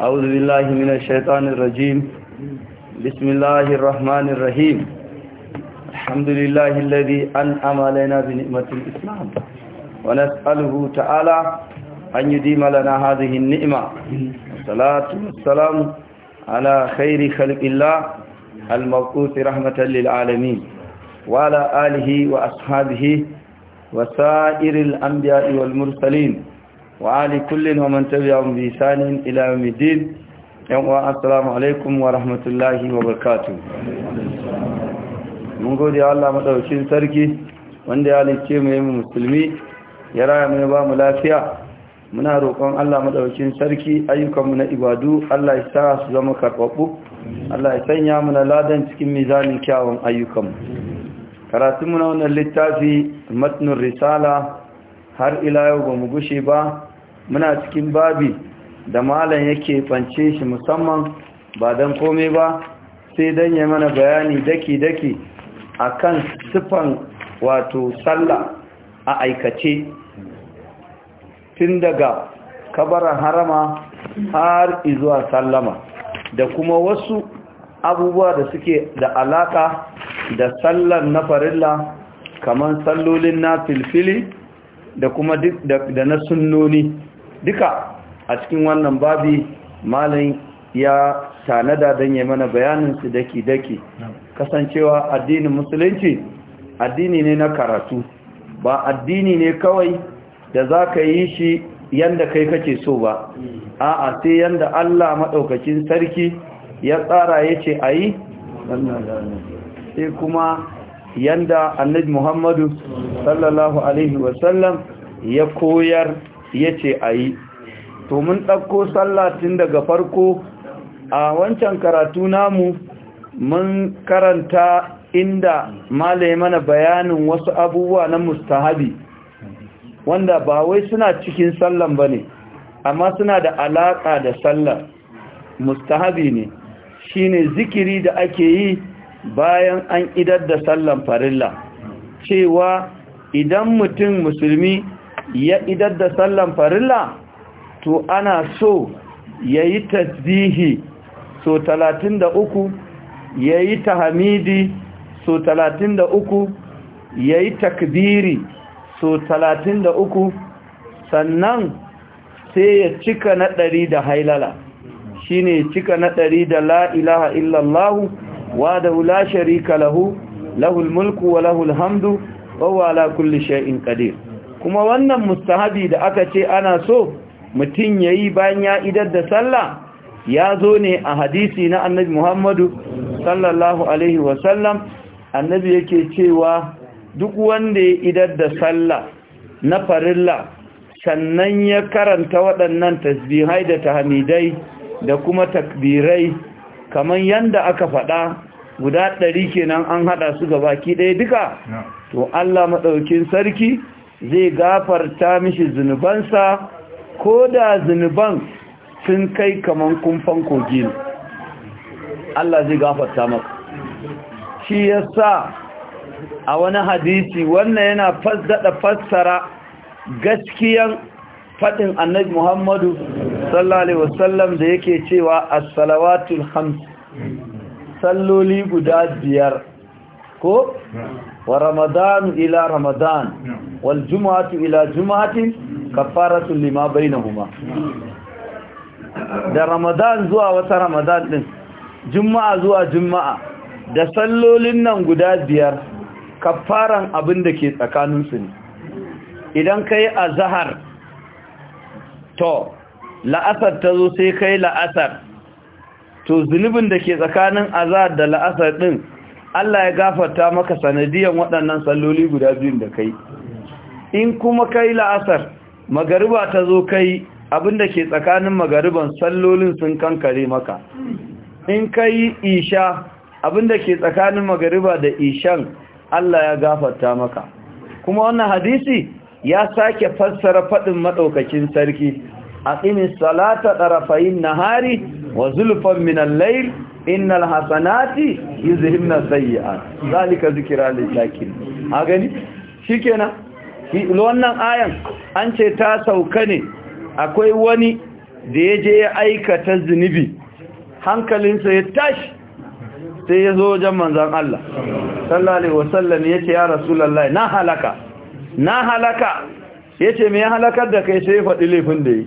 أعوذ بالله من الشيطان الرجيم بسم الله الرحمن الرحيم الحمد لله الذي أنعم علينا بنعمة الإسلام ونسأله تعالى أن يديم لنا هذه النعمة والصلاة والسلام على خير خلق الله المبعوث رحمة للعالمين وعلى آله وأصحابه وسائر الأنبياء والمرسلين man tabi'ahum bi تبعهم ila yawmiddin Yan uwa assalamu alaikum wa rahmatullahi wa barkatu. mun gode Allah madaukakin sarki wanda ya halicce mu yayin musulmi ya raya mu ba mu lafiya muna roƙon Allah madaukakin sarki ayyukan mu na ibadu Allah ya sa su zama karɓaɓɓu Allah ya sanya mu na ladan cikin mizanin kyawun ayyukanmu karatun mu na wannan littafi matnur risala har ila yau ba mu gushe ba muna cikin babi da malam yake fance shi musamman ba don kome ba sai don ya mana bayani daki-daki a kan siffan wato sallah a aikace tun daga kabarar harama har izuwa sallama da kuma wasu abubuwa da suke da alaka da sallar na farilla kamar sallolin na filfili da kuma duk da na sunnoni duka a cikin wannan babi malam ya tanada don ya mana bayanin su daki-daki kasancewa addinin musulunci addini ne na karatu ba addini ne kawai da za ka yi shi yadda kai kake so ba a'a sai yadda Allah maɗaukacin sarki ya tsara ya ce a yi sai kuma yadda annabi muhammadu sallallahu alaihi wasallam ya koyar ya ce a yi to mun ɗauko tun daga farko a wancan karatu namu mun karanta inda malaye mana bayanin wasu abubuwa na mustahabi wanda ba wai suna cikin sallan ba ne amma suna da alaƙa da sallar mustahabi ne shi ne zikiri da ake yi bayan an idar da sallan farilla cewa idan mutum musulmi ya idar da sallan farilla to ana so ya yi tasbihi so talatin da uku ya yi tahamidi so talatin da uku ya yi takbiri so talatin da uku sannan sai ya cika na ɗari da hailala shi ne cika na ɗari da la'ilaha illallahu wa da wula sharika lahu lahul mulku wa lahul hamdu wa wa ala kulli shay'in qadir kuma wannan mustahabi da aka ce ana so mutum ya yi bayan ya idar da sallah ya zo ne a hadisi na annabi muhammadu sallallahu alaihi wasallam annabi yake cewa duk wanda ya idar da sallah na farilla sannan ya karanta waɗannan tasbihai da tahamidai da kuma takbirai kamar yadda aka faɗa guda ɗari kenan an haɗa su gabaki ɗaya duka to Allah maɗaukin sarki zai gafarta mishi zunubansa ko da zunuban sun kai kamar kumfan kogi Allah zai gafarta maka shi yasa a wani hadisi wannan yana fasdada fassara gaskiyan fadin annabi Muhammadu sallallahu alaihi wasallam da yake cewa as-salawatul khams salloli guda biyar ko wa ramadan ila ramadan wal jumu'atu ila jumu'atin kafaratu lima bainahuma da ramadan zuwa wata ramadan din juma'a zuwa juma'a da sallolin nan guda biyar kafaran abin da ke su ne idan kai azhar to la'asar ta zo sai kai la'asar to zunubin da ke tsakanin azhar da la'asar din Allah ya gafarta maka sanadiyan waɗannan salloli guda biyun da kai in kuma kai la'asar magariba ta zo kai abinda ke tsakanin magariban sallolin sun kankare maka in kai isha abinda ke tsakanin magariba da ishan Allah ya gafarta maka kuma wannan hadisi ya sake fassara faɗin maɗaukakin sarki a tsinin salata ɗarafayin nahari wa zulfan min al-layl innal hasanati yuzhibna sayyi'at zalika zikra lil zakirin a gani shikenan wannan ayan an ce ta sauka ne akwai wani da ya je ya aikata zunubi hankalinsa ya tashi sai ya zo wajen manzan Allah sallallahu alaihi wasallam ya ce ya rasulullahi na halaka na halaka ya ce me ya halakar da kai sai ya faɗi laifin da yi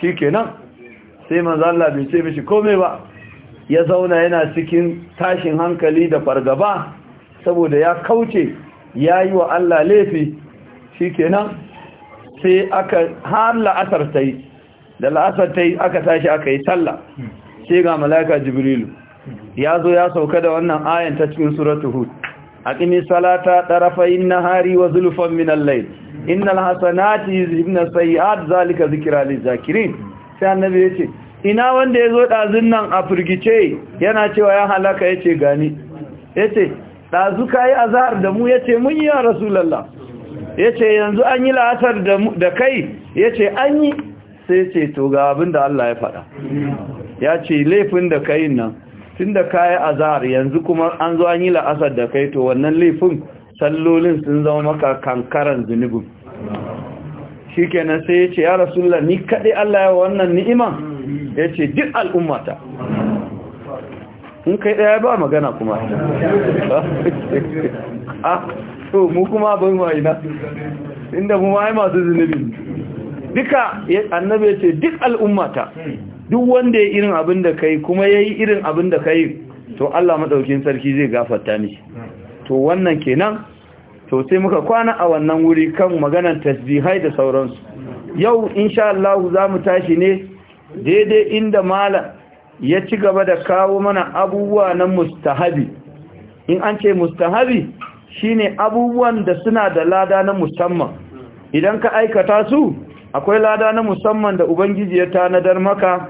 shikenan sai manzo Allah bai ce mishi komai ba ya zauna yana cikin tashin hankali da fargaba saboda ya kauce ya yi wa Allah laifi shikenan sai aka har la'asar ta yi da la'asar ta yi aka tashi aka yi talla. sai ga mala'ika jibrilu ya zo ya sauka da wannan ayan ta cikin suratul hud aqimi salata tarafayn nahari wa zulfan min al-layl innal hasanati yuzhibna sayi'at zalika zikra lil-zakirin sai annabi ya ce ina wanda ya zo ɗazun nan a firgice yana cewa ya halaka ya ce gani ya ce ɗazu ka yi azahar da mu ya ce mun yi a rasulallah ya ce yanzu an yi la'asar da kai ya ce an yi sai ce to ga abin da Allah ya faɗa ya ce laifin da kai nan tun da ka yi azahar yanzu kuma an zo an yi la'asar da kai to wannan laifin sallolin sun zama maka kankaran zunubin kenan sai ya ce ya rasulullah ni kaɗai Allah ya wannan ni'iman ya ce duk al'ummata in kai ɗaya ba magana kuma Ah to mu kuma abin wa inda mu ma masu zunubi duka annabi ya ce duk al'ummata duk wanda ya irin abin da kai kuma ya yi irin abin da kai to Allah maɗaukin sarki zai gafarta ne to wannan kenan to sai muka kwana a wannan wuri kan maganar tasbihai da sauransu yau insha Allah za mu tashi ne daidai inda malam ya ci gaba da kawo mana abubuwa na mustahabi in an ce mustahabi shine abubuwan da suna da lada na musamman idan ka aikata su akwai lada na musamman da ubangiji ya tanadar maka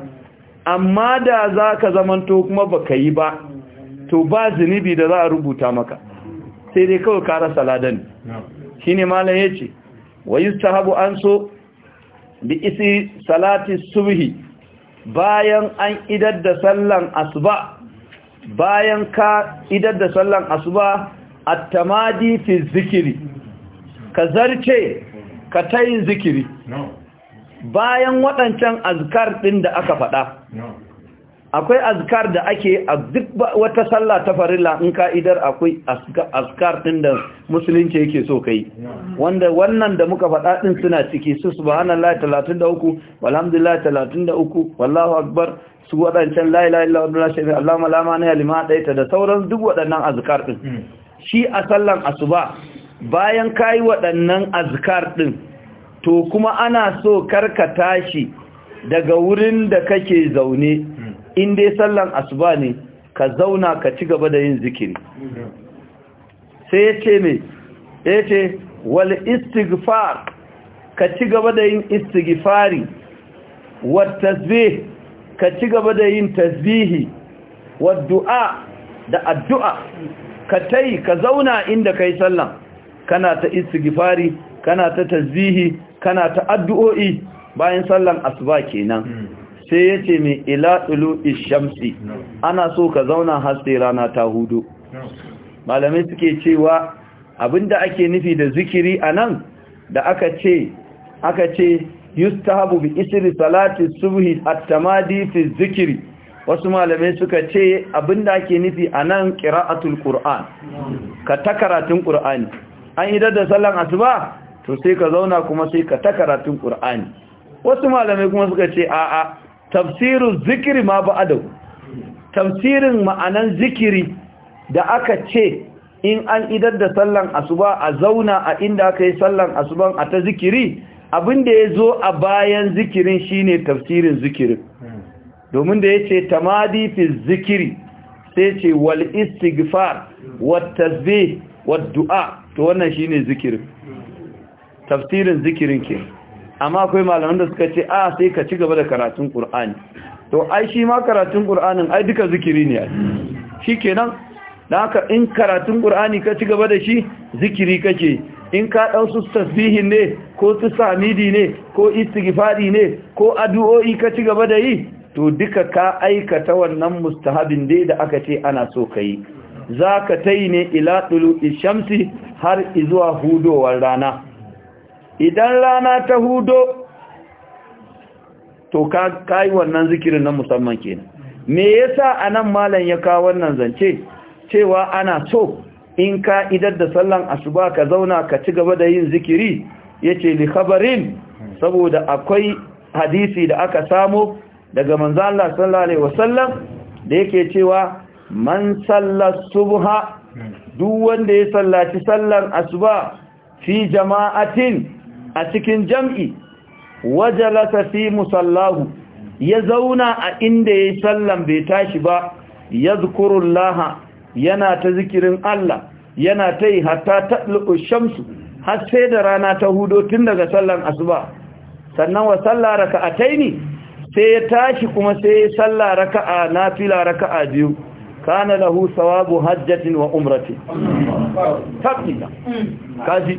amma da za ka zamanto kuma baka yi ba to ba zunubi da za a rubuta maka sai dai kawai kara saladan shine malam yace wa habu an so bi isi salati subhi bayan an idar da sallan asuba bayan ka idar da sallan asuba a tamadi fi zikiri, ka zarce ka tayin zikiri bayan waɗancan azkar ɗin da aka faɗa akwai azkar da ake a duk wata sallah ta farilla in ka'idar akwai azkar din da musulunci yake so kai wanda wannan da muka faɗa din suna ciki su subhanallahi 33 walhamdulillahi 33 wallahu akbar su wadancan la ilaha illa allah shay'a allahumma la ya lima daita da sauran duk wadannan azkar din hmm. shi a sallan asuba bayan kai wadannan azkar din to kuma ana so karka tashi daga wurin da kake zaune in dai sallan asuba ne ka zauna ka ci gaba da yin zikiri sai yace me yace wal istighfar ka ci gaba da yin istighfari wa tasbih ka ci gaba da yin tasbihi wa du'a da addu'a ka tai ka zauna inda kai sallan kana ta istighfari kana ta tasbihi kana ta addu'o'i bayan sallan asuba kenan hmm. sai ya ce mai ila ishamsi ana so ka zauna haske rana ta hudu malamai suke cewa abinda ake nufi da zikiri a nan da aka ce aka ce yustahabu bi isri salati subhi at-tamadi fi zikiri wasu malamai suka ce abinda ake nufi a nan qira'atul qur'an ka ta karatun an yi da sallan asuba to sai ka zauna kuma sai ka ta karatun wasu malamai kuma suka ce a'a tafsirin zikiri ma ba adau tafsirin ma'anan zikiri da aka ce in an idar da sallan asuba a zauna a inda aka yi sallan asuban a ta zikiri abin da ya zo a bayan zikirin shine tafsirin zikirin domin da ya ce tamadi fi zikiri sai ce wal istighfar wat tasbih wad to wannan shine zikirin tafsirin zikirin ke amma akwai malaman da suka ce a sai ka ci gaba da karatun Qur'ani to ai shi ma karatun Qur'anin ai duka zikiri ne kenan dan haka in karatun Qur'ani ka ci gaba da shi zikiri kake in ka ɗau su tasbihin ne ko su samidi ne ko istighfari ne ko addu'o'i ka ci gaba da yi to duka ka aikata wannan mustahabin dai da aka ce ana so ka yi za ka ta ne ila ɗulu ishamsi har izuwa hudowar rana idan rana ta hudo to ka yi wannan zikirin na musamman kenan me yasa anan malam ya kawo wannan zance cewa ana so in ka idar da sallan asuba ka zauna ka ci gaba da yin zikiri yace li khabarin saboda akwai hadisi da aka samo daga manzo Allah sallallahu alaihi wasallam da yake cewa man sallar subha duk wanda ya sallaci sallan asuba fi jama'atin a cikin jam'i waje fi musallahu ya zauna a inda ya sallan bai tashi ba ya laha yana ta zikirin Allah yana ta yi hata ta shamsu har sai da rana ta hudu tun daga sallan asuba sannan wa salla a taini, sai ya tashi kuma sai ya salla raka'a nafila a biyu kana lahu sawabu hajjatin wa umrati tabbata mm. kaji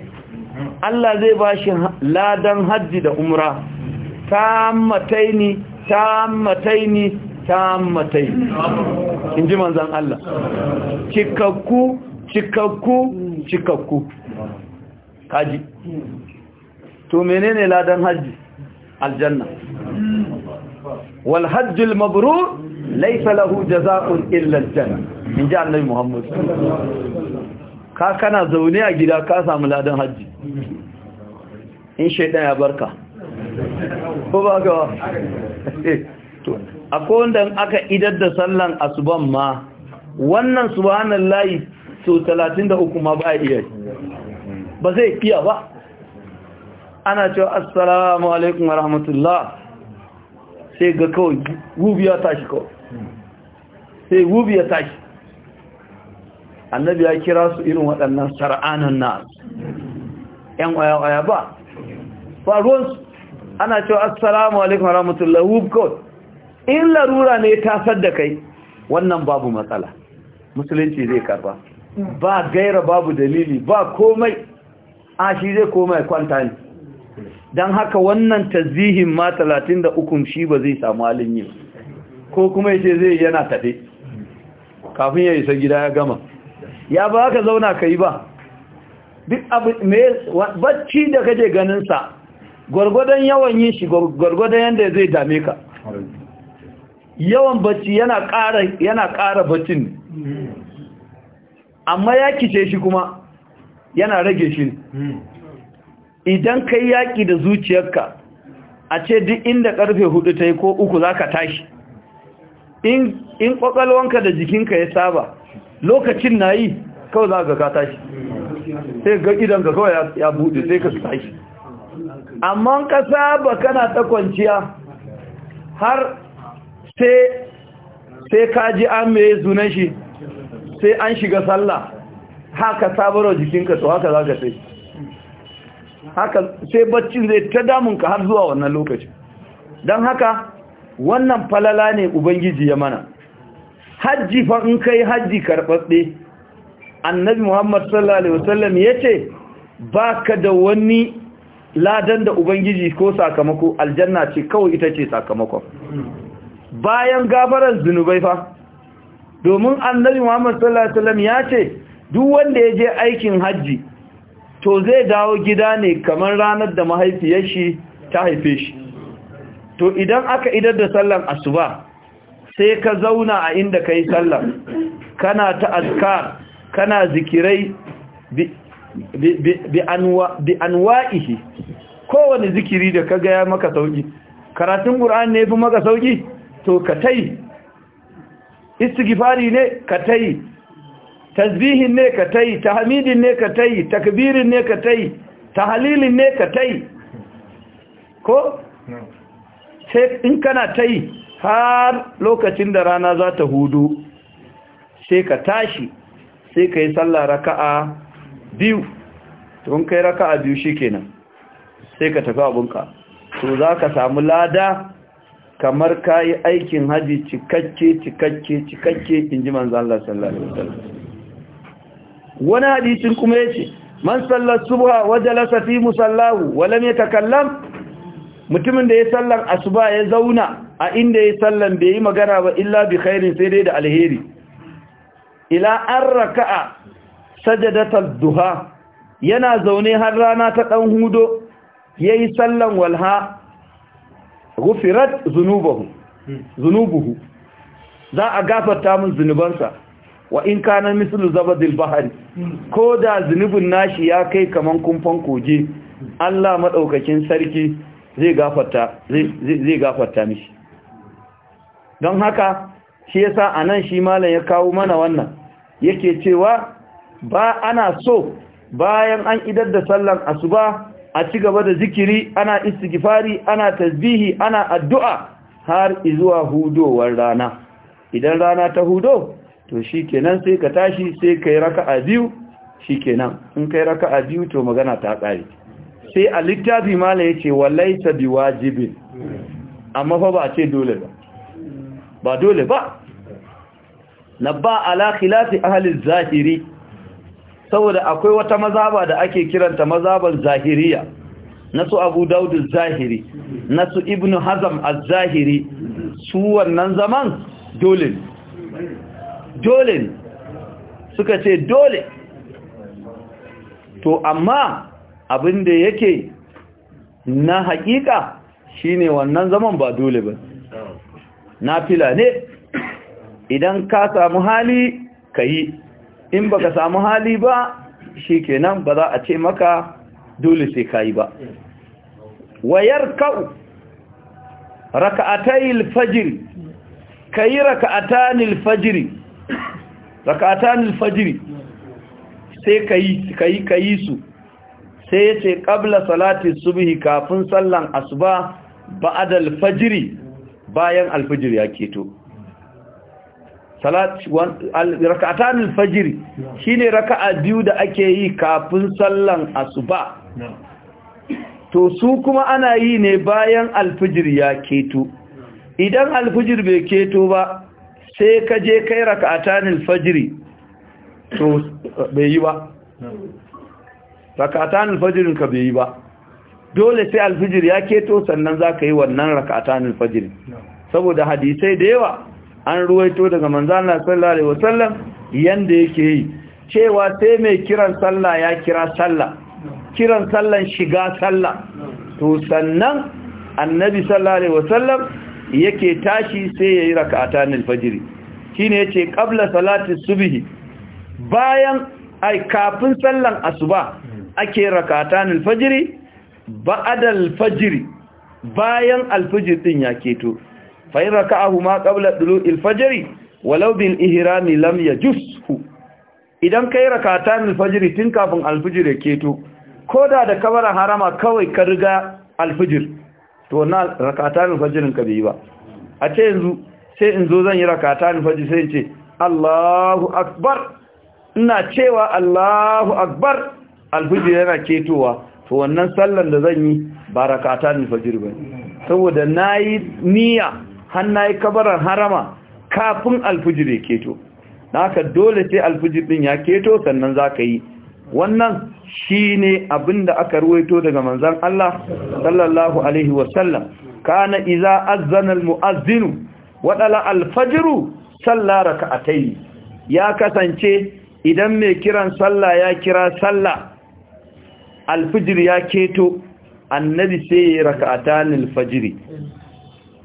Allah zai ba shi ladan hajji da umra tammataini ta tammataini in ji manzan Allah cikakku cikakku cikakku kaji to menene ladan hajji aljanna wal hajjul mabrur laysa lahu jazaa'un illa aljanna in ji annabi Muhammad ka kana zaune a gida ka samu ladan hajji in shaidan ya barka ko ba ka ba? a wanda aka idar da sallan asuban ma wannan layi so 33 ma ba iya ba zai fiya ba ana cewa assalamu alaikum wa rahmatullah sai ga kawai wubiya tashi kawai sai wubiya tashi annabi ya kira su irin waɗannan sar'anan na yan waya waya ba ba ruwansu ana cewa assalamu alaikum rahmatullahi wubkot in larura ne ta da kai wannan babu matsala musulunci zai karba ba gaira babu dalili ba komai a shi zai komai kwanta ne don haka wannan tazihin ma 33 shi ba zai samu halin yi ko kuma ce zai yana tafe kafin ya isa gida ya gama ya ba ka zauna ka yi ba duk abu mai bacci da kaje ganinsa gwargwadon yawan yin shi gwargwadon yadda zai dame ka yawan bacci yana ƙara bacci ne amma ya kice shi kuma yana rage shi idan ka yi yaƙi da zuciyarka a ce duk inda ƙarfe hudu ta yi ko uku za ka tashi in ƙwaƙwalwanka da jikinka ya saba lokacin na yi kawai za ga ka tashi sai ga idan ka kawai ya buɗe sai ka tashi amma ka saba kana ta kwanciya har sai kaji ka ji an mai zunan shi sai an shiga sallah haka sabarwa jikinka to haka za ka sai haka sai baccin zai ta damunka har zuwa wannan lokacin don haka wannan falala ne ubangiji ya mana hajji fa in kai hajji karɓaɓɓe annabi muhammad sallallahu alaihi wasallam ya ce ba ka da wani ladan da ubangiji ko sakamako aljanna ce kawai ita ce sakamakon bayan gabaran zunubai fa domin annabi muhammad sallallahu alaihi wasallam ya ce duk wanda ya je aikin hajji to zai dawo gida ne kamar ranar da mahaifiyar shi ta haife shi to idan aka idar da sallan asuba sai ka zauna a inda ka yi sallar kana ta azkar kana zikirai bi anwa'ihi kowane zikiri da ka gaya maka sauki karatun ƙur'an ne fi maka sauki to ka tai istighfari ne ka tai tasbihin ne ka tai tahmidin ne ka tai takbirin ne ka tai Tahalilin ne ka tai ko sai in kana tai har lokacin da rana za ta hudu sai ka tashi sai ka yi sallah raka'a biyu tun kai raka'a biyu shikenan sai ka tafi abunka to za ka samu lada kamar ka yi aikin haji cikakke cikakke cikakke in ji manzan Allah sallallahu alaihi wani hadisin kuma yace man sallar subha wa jalasa fi musallahu wa lam yatakallam mutumin da ya sallan asuba ya zauna a inda ya sallan bai yi magana ba illa bi khairin sai dai da alheri ila an raka'a sajadatal duha yana zaune har rana ta dan hudo yayi sallan walha gufirat zunubuhu zunubuhu za a gafarta min zunubansa wa in kana mislu zabadil bahari ko da zunubin nashi ya kai kaman kumfan koje Allah madaukakin sarki zai gafarta mishi don haka shi yasa anan shi malam ya kawo mana wannan yake cewa ba ana so bayan an idar da sallan asuba a ci gaba da zikiri ana istighfari ana tasbihi ana addu'a har izuwa hudowar rana idan rana ta hudo to shikenan sai ka tashi sai kai raka'a biyu shikenan in kai raka'a biyu to magana ta tsari sai a littafi mala ya ce ta bi wajibin amma fa ba ce dole ba ba dole ba na ba ala khilafi ahalin zahiri saboda akwai wata mazaba da ake kiranta mazabar zahiriya na su abu daudu zahiri na su ibnu hazam a zahiri su wannan zaman dole dole suka ce dole to amma abin da yake na haƙiƙa shine wannan zaman ba dole ba Na ne idan ka samu hali ka yi in baka samu hali ba shi kenan ba za a ce maka dole sai ka yi ba wayar ka'u raka'atayil fajr kayi raka'atanil fajr ni fajr sai ka yi su sai ya ce, ƙabla salati subhi kafin sallan asuba ba'da al bayan alfajiri ya keto raka'ata rak'atan shine raka'a biyu da ake yi kafin sallan asuba to su kuma ana yi ne bayan alfajiri ya keto idan alfajiri bai keto ba sai ka je kai raka'ata al to bai yi ba rakatan fajirin ka bai yi ba dole sai alfijir ya keto sannan za ka yi wannan rakatan alfajirin saboda hadisai da yawa an ruwaito daga manzana sallallahu alaihi wasallam yanda yake yi cewa sai mai kiran sallah ya kira sallah kiran sallan shiga sallah to sannan annabi sallallahu alaihi wasallam yake tashi sai ya yayi rak'atan al shine yace qabla salati subhi bayan ai kafin sallan asuba ake rakatan alfajiri adal alfajiri bayan alfajir din ya keto fa in ma qabla dulu'il fajri walau bil ihrami lam yajushu idan kai rakatan alfajiri tun kafin alfajir ya keto koda da kabar harama kawai ka riga alfajir to na rakatan alfajirin ka bai ba a ce yanzu sai in zo zan yi rakatan alfajir sai in ce Allahu akbar ina cewa Allahu akbar alfijir yana ketowa to wannan sallan da zan yi ba rakata ne fajir ba saboda na yi niyya har na yi kabarar harama kafin alfijir ya keto na haka dole sai alfijir ɗin ya keto sannan za ka yi wannan shi ne abinda aka ruwaito daga Manzon Allah sallallahu alaihi wasallam kana iza azzana almu'azzinu waɗala alfajiru sallara raka'atayn ya kasance idan mai kiran sallah ya kira sallah alfijir ya keto annabi sai ya raka'atan fajiri.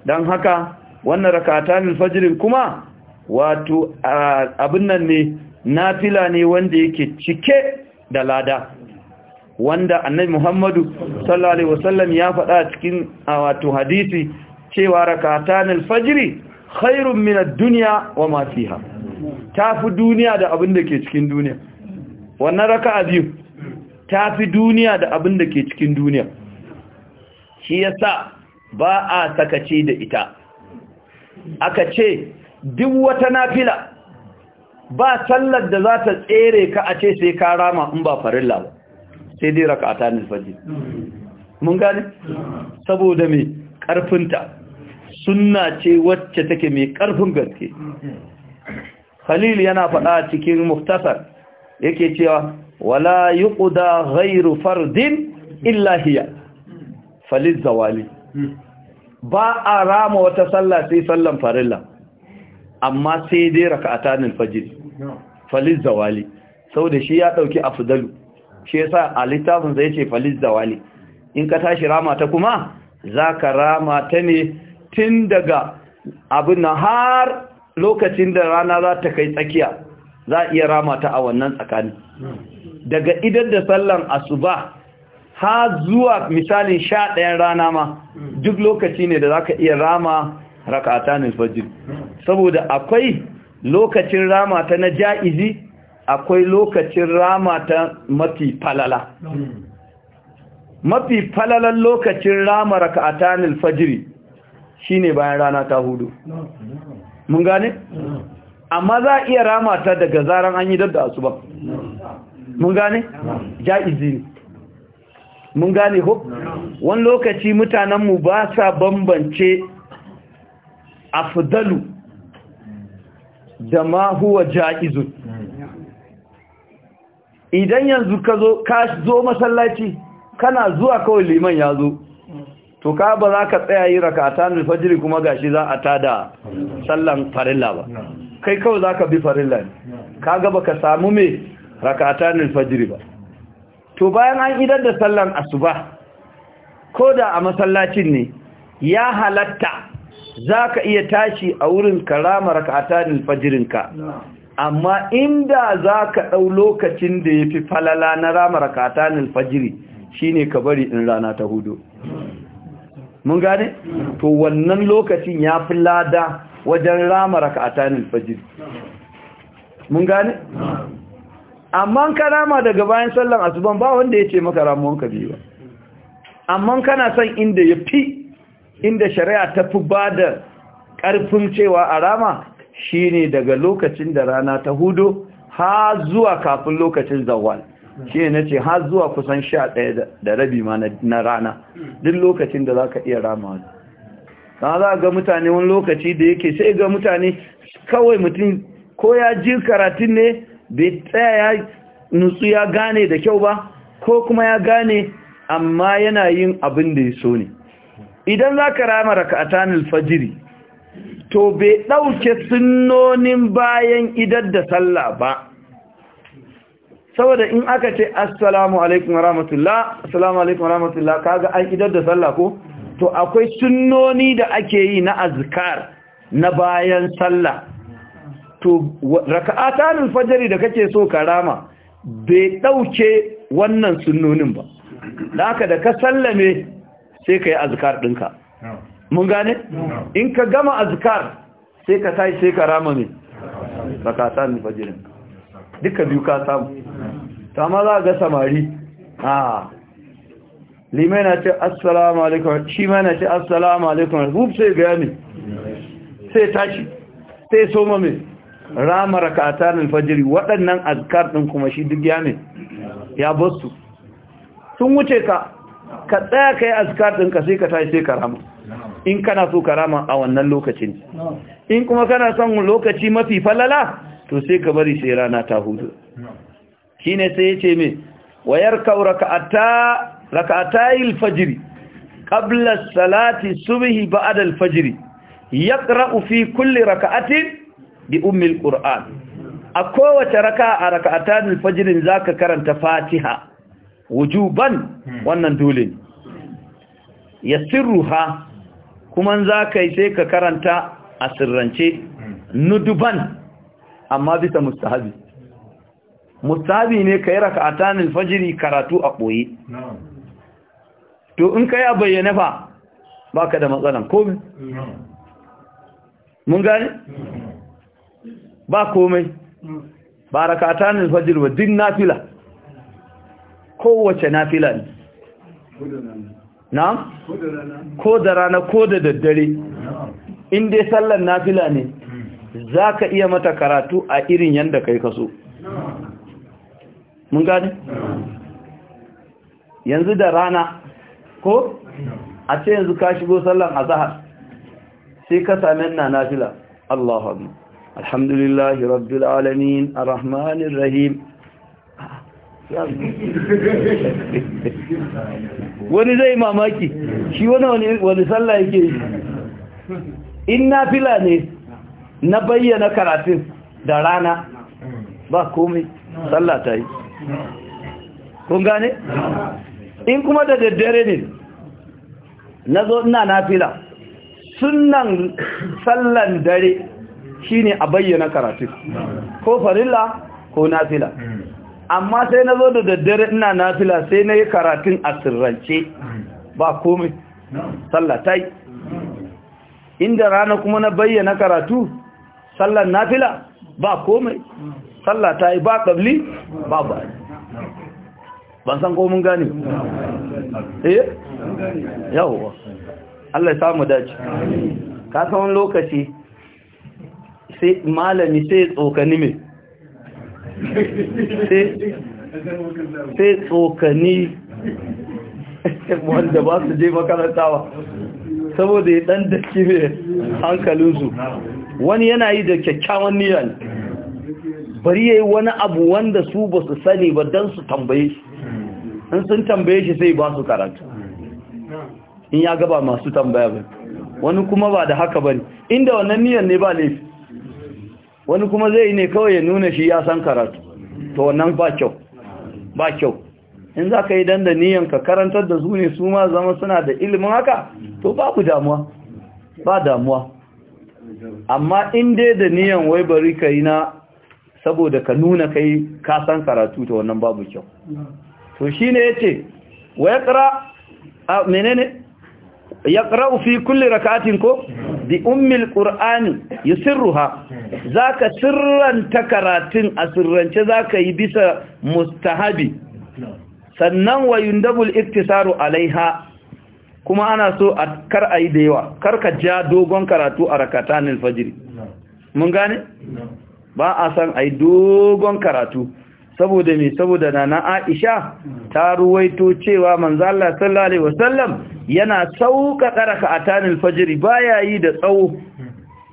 dan haka wannan raka'atan alfajirin kuma wato abin nan ne nafila ne wanda yake cike da lada wanda annabi Muhammadu sallallahu alaihi wasallam ya faɗa cikin wato hadisi cewa raka'atan alfajiri khairun min ad-dunya wa ma fiha tafi duniya da abin da ke cikin duniya wannan raka'a biyu ta fi duniya da abin da ke cikin duniya shi yasa ba a sakaci da ita aka ce duk wata nafila ba sallar da za ta tsere ka a ce sai ka rama in ba farilla ba sai dai raka ta nufajin mun gane saboda mai ƙarfinta suna ce wacce take mai ƙarfin gaske khalil yana faɗa cikin muftasar yake cewa wala yuqda ghairu fardin illa hiya faliz zawali ba a rama wata sallah sai sallan farilla amma sai dai raka'atanil fajr faliz zawali saboda shi ya dauki afdalu shi yasa a littafin zai ce faliz zawali in ka tashi rama ta kuma zaka rama ta ne tun daga abin har lokacin da rana za ta kai tsakiya za a iya rama ta a wannan tsakani daga idan da sallan asuba ha zuwa misalin sha ɗayan rana ma duk lokaci ne da za ka iya rama rakata fajir saboda akwai lokacin rama ta na ja'izi akwai lokacin rama ta mafi falala mafi falalan lokacin rama rakata fajiri shi ne bayan rana ta hudu mun gane? amma za a iya rama ta daga zaran an yi dabda asuba mun gane ja'izi ne mun gane ko wani lokaci mutanenmu ba sa bambance fidalu da ma huwa ja'izu idan yanzu ka zo masallaci kana zuwa kawai liman ya zo to ka ba za ka tsaya yi rakata Fajiri kuma gashi za a tada sallan farilla ba kai kawai za ka bi farilla ne ka gaba ka samu mai rakatanin fajiri ba to bayan an idar da sallan asuba ko da a masallacin ne ya halatta za ka iya tashi a wurin karama rakatanin fajirinka amma inda za ka ɗau lokacin da ya fi falala na rama rakatanin fajiri shine ka bari in rana ta hudu mun gane to wannan lokacin ya fi lada wajen rama tanin fajir mun gane amma karama daga bayan sallan asuban ba wanda ya ce maka ramuwan ka biyu amma kana son inda ya fi inda shari'a ta fi ba da ƙarfin cewa a rama shine daga lokacin da rana ta hudu ha zuwa kafin lokacin zawal shi na ce ha zuwa kusan sha ɗaya da rabi ma na rana duk lokacin da za ka iya rama Ka za ga mutane wani lokaci da yake sai ga mutane kawai mutum ko ya ji karatun ne bai tsaya ya nutsu ya gane da kyau ba ko kuma ya gane amma yana yin abin da ya so ne idan za ka rama raka'atan fajiri, to bai ɗauke sunonin bayan idar da sallah ba saboda in aka ce assalamu alaikum wa rahmatullah assalamu alaikum wa rahmatullah ga an idar da sallah ko to akwai sunnoni da ake yi na azkar na bayan sallah to raka'atan alfajr da kake so karama bai dauke wannan sunnonin ba da haka da ka sallame sai kai azkar dinka mun gane in ka gama azkar sai ka tashi sai karama ne mai raka'atan alfajr duka biyu ka samu to amma za ga samari a ah, limai na ce assalamu alaikum shi ma na ce assalamu alaikum rub sai gani sai tashi sai soma mai rama raka'atan fajiri. waɗannan azkar ɗin kuma shi duk ya ne ya basu sun wuce ka ka tsaya kai azkar ɗin ka sai ka tashi sai karama in kana so karama a wannan lokacin in kuma kana son lokaci mafi falala to sai ka bari sai rana ta hudu shine sai yace me wayar kauraka atta rak'atayi al-fajr salati subhi ba'da fajiri, fajr yaqra'u kulli raka'atin bi ummi A kowace akowa a rak'a rak'atayi al-fajr zaka karanta fatiha wujuban wannan dole ha, kuma zaka yi sai ka karanta a sirrance nuduban amma bisa mustahabi mustahabi ne ka yi raka'atan al karatu a ɓoye. to in kai a bayyane fa ba ka da matsalan komai mun gane ba komai Ba barakata ne fajir wa din nafila kowace nafila ne na? ko da rana ko da daddare in dai sallar nafila ne za ka iya mata karatu a irin yadda kai kaso mun gane? yanzu da rana ko a ce yanzu ka shigo sallan azhar sai ka same na nafila Allahu akbar alhamdulillahi rabbil alamin arrahmanir rahim wani zai mamaki shi wani wani sallah yake yi in nafila ne na bayyana karatun da rana ba komai sallah ta yi kun gane in kuma da daddare ne na zo ina nafila sunan sallan dare shi ne a bayyana karatu ko farilla ko nafila amma sai na zo da daddare ina nafila sai na yi karatun a sirrance ba komai sallatai inda rana kuma na bayyana karatu sallan nafila ba komai sallata ba ƙabli ba ba ban san ko mun gane eh yawa Allah ya samu dace ka san wani lokaci sai malami sai tsokani me sai tsokani wanda ba su je makarantawa saboda ya dan da kime hankalinsu wani yana yi da kyakkyawan niyan bari ya yi wani abu wanda su ba su sani ba don su tambaye shi in sun tambaye shi sai ba su karatu in ya gaba masu tambaya ba wani kuma ba da haka ba ne inda wannan niyan ne ba laifi wani kuma zai ne kawai ya nuna shi ya san karatu to wannan ba kyau ba kyau in za ka yi dan da niyan ka karantar da su ne su ma zama suna da ilimin haka to babu damuwa ba damuwa amma in dai da niyan wai bari ka yi na saboda ka nuna kai ka san karatu to wannan babu kyau to ya ce, wa A menene ƙara fi kulle rak'atin ko bi ummil ha Za ka sirranta karatun a sirrance za ka yi bisa mustahabi sannan wa yundabul iktisaru alaiha kuma ana so a kar a yi da yawa kar ka ja dogon karatu a rakatanin fajiri mun gane ba a san a yi dogon karatu saboda me saboda nana Aisha ta ruwaito cewa Manzala Allah wasallam yana sauka karaka atanil fajr baya yi da tsawo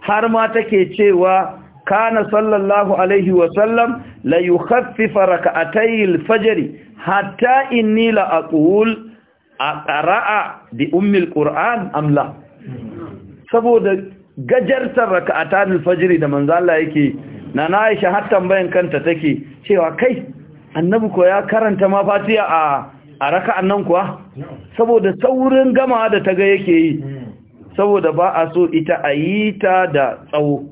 har ma take cewa kana sallallahu alaihi wasallam la yukhaffifa rak'atayil fajr hatta inni la aqul aqra'a bi ummi alquran saboda gajartar rak'atanil fajiri da Manzala yake na na aisha har tambayan kanta take cewa kai annabi ko ya karanta ma fatiha a a raka'an nan kuwa saboda saurin gama da ta ga yake yi saboda ba a so ita a yi ta da tsawo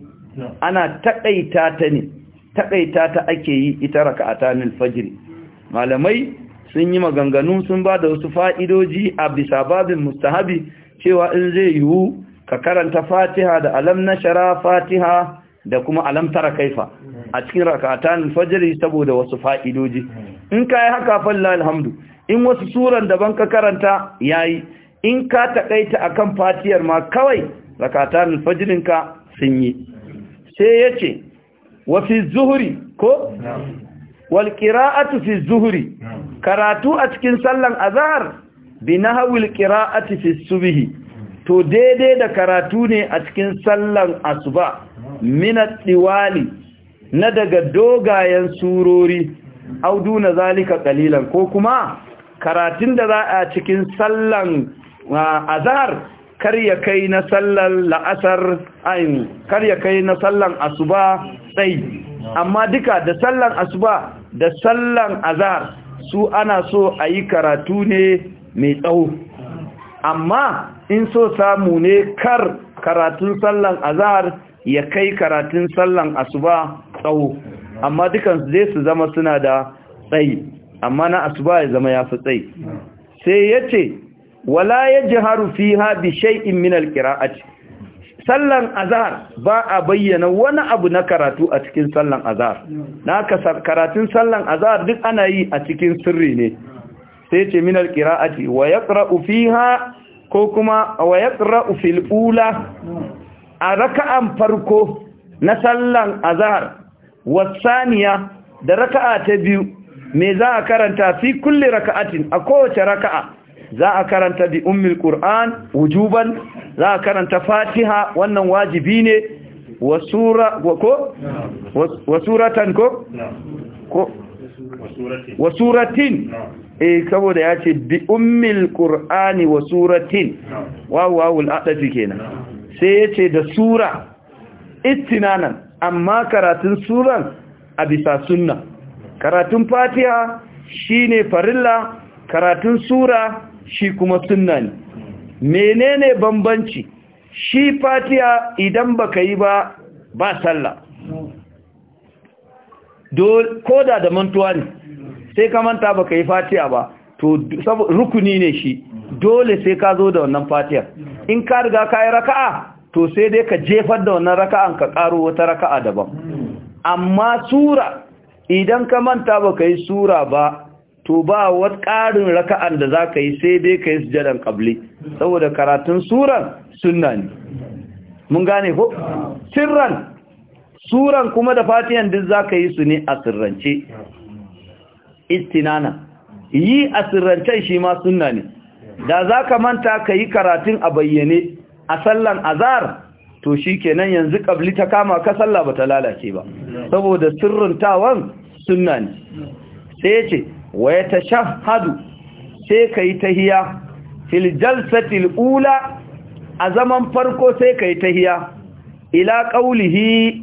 ana taƙaita ta ne taƙaita ta ake yi ita raka a nil fajiri malamai sun yi maganganu sun ba da wasu fa'idoji a bisa babin mustahabi cewa in zai yiwu ka karanta fatiha da alam na shara fatiha da kuma alamtara kaifa a cikin rakatan fajiri saboda wasu fa'idoji in kai haka falla alhamdu in wasu suran daban ka karanta yayi in ka takaita akan fatiyar ma kawai rakatan fajirinka sun yi sai yace wa fi zuhri ko wal qira'atu fi zuhri karatu a cikin sallan azhar bi nahwil qira'ati fi subhi to daidai da karatu ne a cikin sallan asuba minat diwali na daga dogayen surori audu na zalika kalilan ko kuma karatun da za a cikin sallan azhar kar ya kai na sallan la'asar ayin kar ya kai na sallan asuba tsayi amma duka da sallan asuba da sallan azhar su ana so a yi karatu ne mai tsawo amma in so samu ne kar karatun sallan azhar ya kai karatun sallan asuba tsawo amma dukan zai su zama suna da tsayi amma na asuba ya zama ya fi tsayi sai ya ce wala ya jiharu fi ha bi shay'in min alqira'ati sallan azhar ba a bayyana wani abu na karatu a cikin sallan azhar na karatun sallan azhar duk ana yi a cikin sirri ne sai ce min alqira'ati wa yaqra'u fiha ko kuma wa yaqra'u fil ula a raka'an farko na sallan azhar wasaniya da raka'a ta biyu me za a karanta fi kulli raka'atin a kowace raka'a za a karanta bi ummul qur'an wujuban za a karanta fatiha wannan wajibi ne wa sura ko wa suratan ko wa suratin eh saboda ya ce bi ummul qur'ani wa suratin wawu wawu kenan sai ya ce da sura itinanan amma karatun suran a bisa sunna karatun fatiha shine farilla karatun sura shi kuma sunna ne menene bambanci shi fatiha idan baka yi ba ba sallah ko da da mantuwa ne sai ka manta baka yi fatiha ba to rukuni ne shi dole sai ka zo da wannan fatiha in ka riga ka yi raka'a to sai dai ka jefar da wannan raka'an ka karo wata raka'a daban amma sura idan ka manta ba ka yi sura ba to ba wata ƙarin raka'an da za ka yi sai dai ka yi sujadan ƙabli saboda karatun suran sunna ne mun gane ko sirran suran kuma da fatiyan duk za ka yi su ne a sirrance istinana yi a sirrancen shi ma sunna ne da za ka manta ka yi karatun a bayyane a sallan azar to shi kenan yanzu ƙabli ta kama ka salla ba ta lalace ba saboda sirrintawan sunna ne sai ce waya ta shahadu sai ka yi tahiya fil jalsatil ula a zaman farko sai ka yi tahiya ila ƙaulihi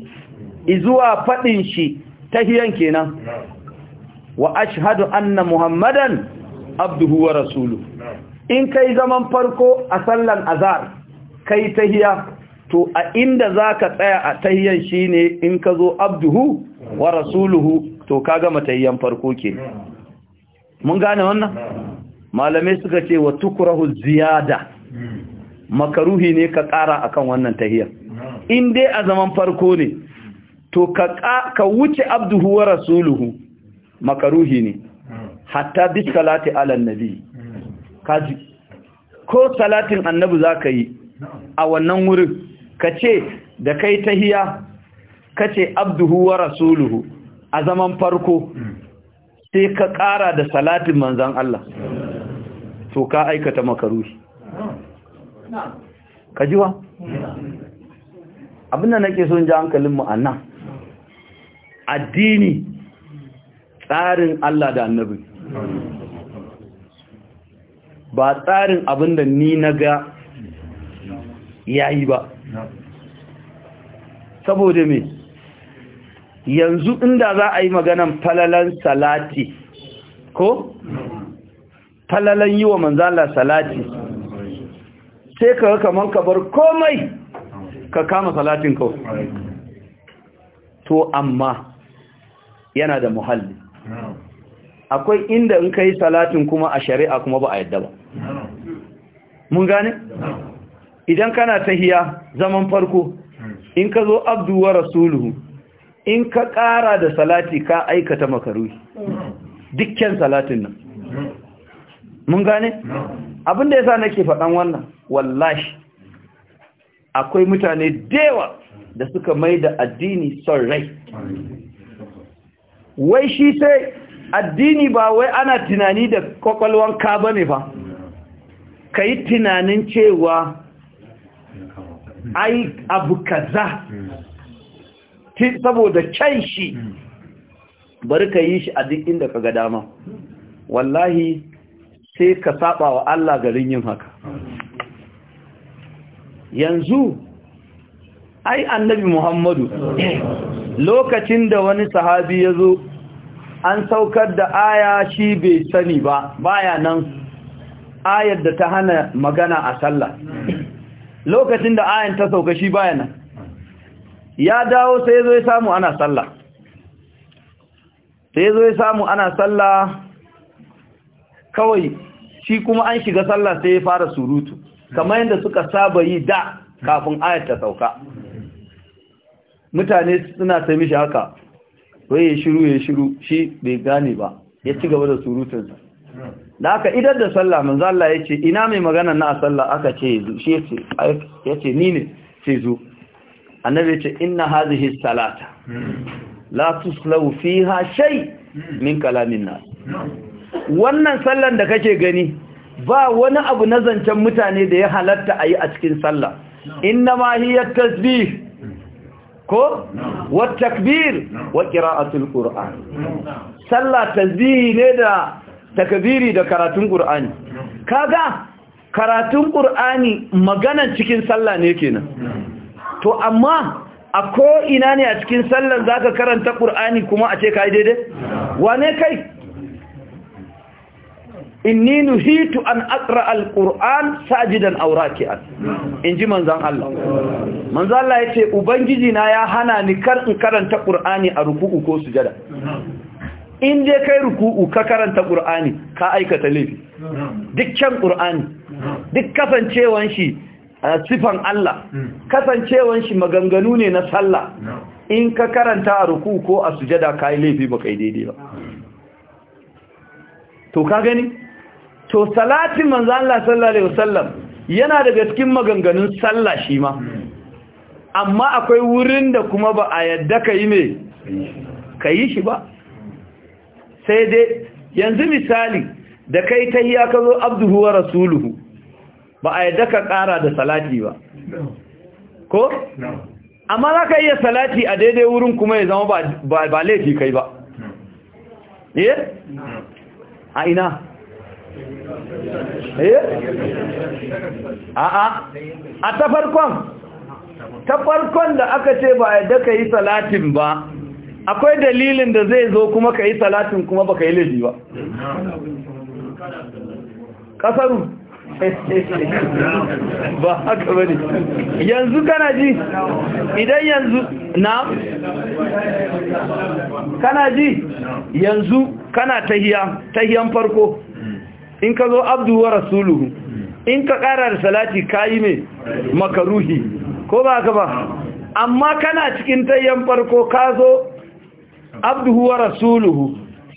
izuwa faɗin shi tahiyan kenan wa ashhadu anna muhammadan abduhu wa rasuluhu in kai zaman farko a sallan azar kai tahiya to a inda zaka tsaya a tahiyan shine in ka zo abduhu wa rasuluhu to ka gama tahiyan farko ke mun gane wannan malamai suka ce wa tukrahu ziyada makaruhi ne ka ƙara akan wannan tahiyan in dai a zaman farko ne to ka ka wuce abduhu wa rasuluhu makaruhi ne hatta bi salati ala annabi kaji ko salatin annabi ka yi a wannan wurin ka ce da kai ta hiya ka ce abduhu wa rasuluhu a zaman farko sai ka ƙara da salatin manzan Allah to ka aikata makaruhi ka ji wa? abinda nake son ji hankalinmu a nan addini tsarin Allah da annabi ba tsarin abinda ni na ga Ya yi ba saboda me yanzu inda za a yi maganan falalan salati ko falalan yi wa manzala salati sai ka kamar ka bar komai ka kama salatin kawai to amma yana da muhalli akwai inda in ka yi salatin kuma a shari'a kuma ba a yadda ba mun gane? idan kana tahiya zaman farko in ka zo abdu wa rasuluhu in ka ƙara da salati ka aikata makaruhi dukkan salatin nan mun gane abinda yasa nake faɗan wannan wallahi akwai mutane dewa da suka mai da addini son rai wai shi sai addini ba wai ana tunani da kwakwalwan ka bane fa ka yi tunanin cewa ai abu kaza saboda can shi bari ka yi shi a duk inda ka ga dama wallahi sai ka saba wa Allah garin yin haka yanzu ai annabi Muhammadu lokacin da wani sahabi ya zo an saukar da aya shi bai sani ba baya nan ayar da ta hana magana a sallah lokacin da ayan ta sauka shi baya nan ya dawo sai ya zo ya samu ana sallah sai ya zo ya samu ana sallah kawai shi kuma an shiga sallah sai ya fara surutu kamar yadda suka saba yi da kafin ayat ta sauka mutane suna ta mishi haka wai ya shiru ya shiru shi bai gane ba ya ci gaba da surutunsa da aka idar da sallah manzo Allah yace ina mai magana na sallah aka ce shi yace yace ni ne sai zo annabi yace inna hadhihi salata la tuslau fiha shay min kalamin nas wannan sallan da kake gani ba wani abu na zancen mutane da ya halatta ayi a cikin sallah inna ma hiya tasbih ko wa takbir wa qira'atul qur'an sallah tasbih ne da takabiri da karatun ƙur'ani kaga karatun ƙur'ani maganan cikin sallah ne kenan to amma a ko ina ne a cikin za zaka karanta ƙur'ani kuma a ce kai daidai wane kai inni nuhitu an aqra alquran sajidan aw raki'an inji manzon Allah manzon Allah yace ubangiji na ya hana ni kar in karanta qur'ani a ruku'u ko sujada in je kai ruku'u ka karanta qur'ani ka aikata laifi dukkan qur'ani duk kasancewan shi eh, sifan Allah kasancewan shi maganganu ne na sallah in ka karanta a ruku'u ko a sujada kai laifi ba kai daidai ba to ka gani to salatin manzo Allah sallallahu alaihi wasallam yana daga cikin maganganun sallah shi ma amma akwai wurin da kuma ba a yadda ka yi me ka yi shi ba sai dai yanzu misali da kai yi aka zo abduhu wa rasuluhu ba a yadda ka ƙara da salati ba ko amma za ka iya salati a daidai wurin kuma ya zama ba laifi kai ba eh a ina eh a a a ta farkon ta farkon da aka ce ba yadda ka yi salatin ba akwai dalilin da zai zo kuma ka yi talatin kuma baka yi laifi ba kasaru ba haka bane yanzu kana ji idan yanzu na kana ji yanzu kana tahiya tahiyan farko in ka zo abdu wa rasuluhu in ka kara da salati kayi mai makaruhi ko ba ka ba amma kana cikin tayyan farko ka zo abduhu wa rasuluhu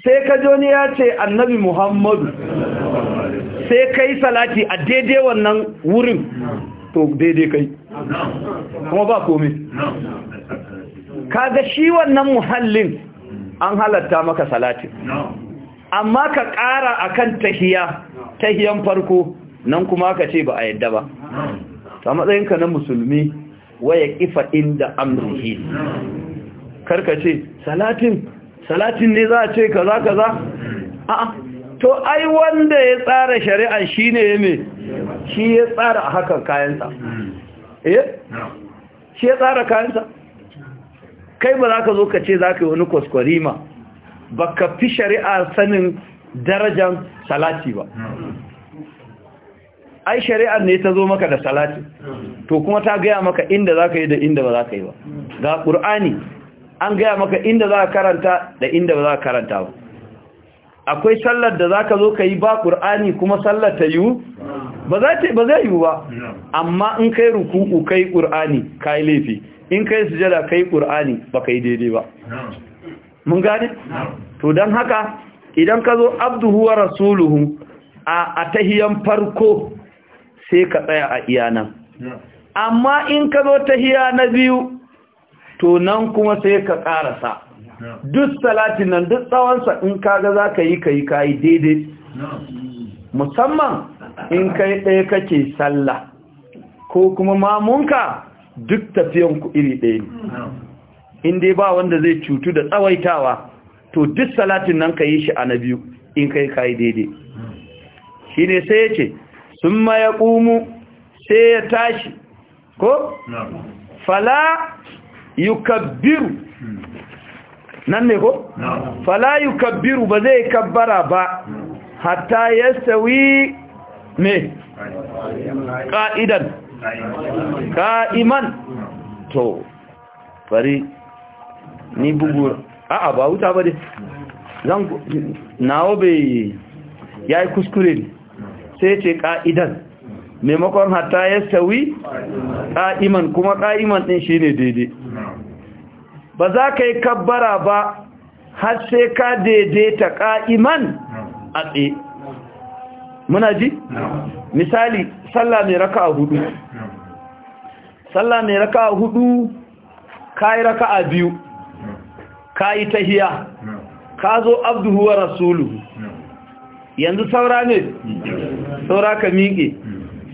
sai ka ne ya ce annabi muhammadu sai ka yi salati a daidai wannan wurin to daidai kai kuma ba komi ga shi wannan muhallin an halatta maka salati amma ka ƙara akan tahiya tahiyan farko nan kuma ka ce ba a yadda ba a matsayinka na musulmi waya kifa inda amrihi karka ce salatin salatin ne za a ce kaza kaza a to ai wanda ya tsara shari'a shine ya shi ya tsara hakan kayansa eh shi ya tsara kayansa kai ba za ka zo ka ce za ka yi wani kwaskwarima ba ka fi shari'a sanin darajan salati ba ai shari'ar ne ta zo maka da salati to kuma ta gaya maka inda za ka yi da inda ba za ka yi ba ga ƙur'ani an gaya maka inda za karanta da inda ba za karanta ba akwai sallar da za ka zo ka yi ba ƙur'ani kuma sallar ta yiwu ba za yiwu ba amma in kai ruku'u kai ƙur'ani ka yi laifi in kai sujada kai ƙur'ani ba ka yi daidai ba mun gani? to don haka idan ka zo abduhu wa rasuluhu a tahiyan farko sai ka tsaya a iyanan amma in ka zo tahiya na biyu to nan kuma sai ka ƙarasa duk salatin nan duk tsawonsa in kaga za ka yi ka yi ka yi daidai musamman in kai ɗaya kake sallah ko kuma mamunka duk tafiyan ku iri ɗaya ne in dai ba wanda zai cutu da tsawaitawa to duk salatin nan ka yi shi a na biyu in kai ka yi daidai shi ne sai ya ce sun ma ya ƙumu sai ya tashi ko? fala yukabbiru hmm. nan ko fala yukabbiru ba zai kabbara ba hatta yasawi me qa'idan qa'iman to fari ni bugu a'a ba wuta ba dai zan nawo bai yayi kuskure see ce qa'idan maimakon hata ya sauyi ƙa'iman kuma ƙa'iman ɗin shi ne daidai ba za ka yi kabbara ba har sai ka daidaita ƙa'iman a tsaye muna ji? misali sallah mai raka a hudu sallah mai raka a hudu ka yi raka a biyu ka yi tahiya ka zo abduhu rasulu yanzu saura ne saura ka miƙe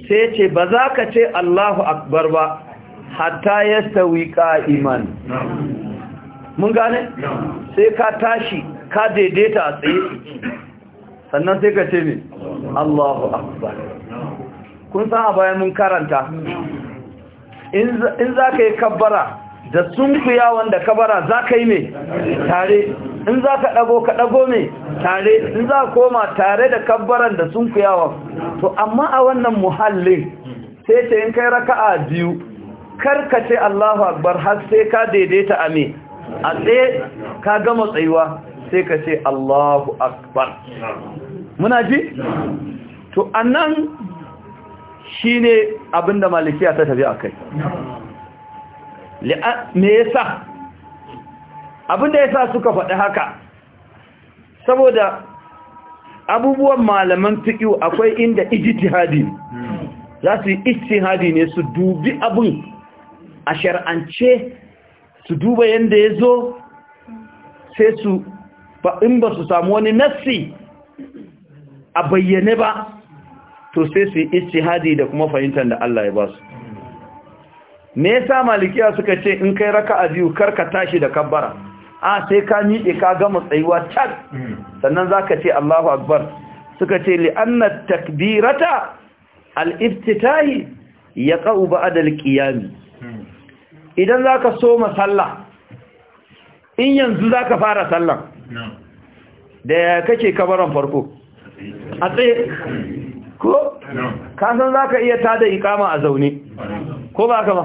sai ce ba za ka ce Allahu akbar ba hatta ya sauyi iman. mun gane sai ka tashi ka daidaita a tsaye sannan sai ka ce ne Allahu akbar kun san a bayan mun karanta in za ka yi kabbara da sunkuya wanda kabara za ka yi ne tare in za ka ɗago ka ɗago ne tare in za koma tare da kabbaran da sunkuyawa to amma a wannan muhallin sai ta in kai raka'a biyu karkace Allahu akbar har sai ka daidaita a me a tsaye ka gama tsayuwa sai ka ce Allahu akbar muna ji to annan shine abinda malikiya ta tafi kai. me yasa abinda yasa suka faɗi haka saboda abubuwan malaman fiƙi akwai inda ijtihadi za su ijtihadi ne su dubi abin a shar'ance su duba yadda ya zo sai su in ba su samu wani nassi a bayyane ba to sai su yi ijtihadi da kuma fahimtar da Allah ya ba su me yasa malikiya suka ce in kai raka a biyu kar ka tashi da kabbara a sai ka miƙe ka gama tsayuwa cak sannan za ka ce Allahu akbar suka ce li anna takbirata al-iftitahi ƙa'u ba adal ƙiyami idan za ka soma sallah in yanzu za ka fara sallah da kake kabaran farko a tsaye ko kasan za ka iya tada ikama a zaune ko ba ka ba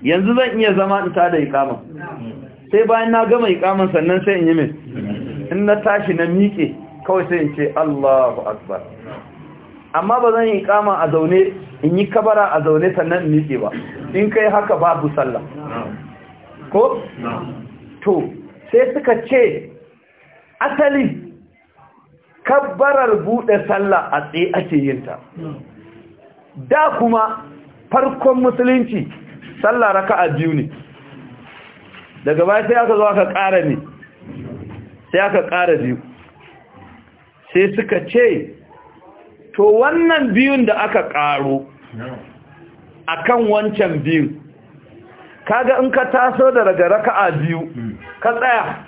yanzu zan iya zama in ta da ikama sai bayan na gama ikama sannan sai in yi mai in na tashi na miƙe kawai sai in ce Allahu akbar amma ba zan yi ikama a zaune in yi kabara a zaune sannan in miƙe ba in kai haka babu sallah ko to sai suka ce asali kabbarar buɗe sallah a tsaye ake ta. da kuma farkon musulunci sallah raka'a biyu ne daga baya sai aka zo aka ƙara ne sai aka ƙara biyu sai suka ce to wannan biyun da aka ƙaro akan wancan biyun kaga in ka taso da daga raka'a biyu ka tsaya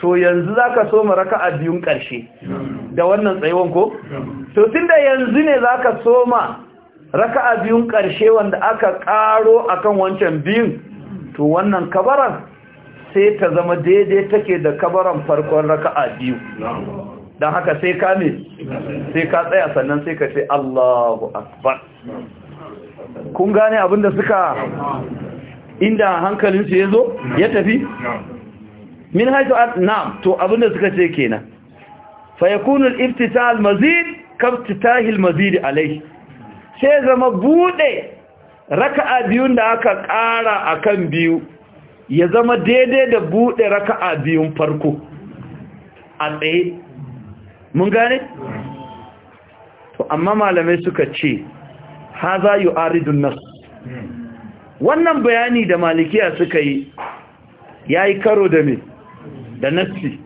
to yanzu zaka so mu raka'a biyun ƙarshe da wannan tsayuwan ko to tunda yanzu ne zaka soma raka'a biyun ƙarshe wanda aka ƙaro akan wancan biyun to wannan kabaran sai ta zama daidai take da kabaran farkon raka'a biyu don haka sai ka ne sai ka tsaya sannan sai ka ce Allahu Akbar kun gane abinda suka inda hankalin ya zo ya tafi min haitu na'am to abinda suka ce kenan fa yakunu al-ibtita al-mazid ka al mazid alayhi sai zama bude raka'a biyun da aka ƙara akan biyu ya zama daidai da bude raka'a biyun farko a tsaye mun gane to amma malamai suka ce haza yu'aridun nas wannan bayani da malikiya suka yi yayi karo da me da nassi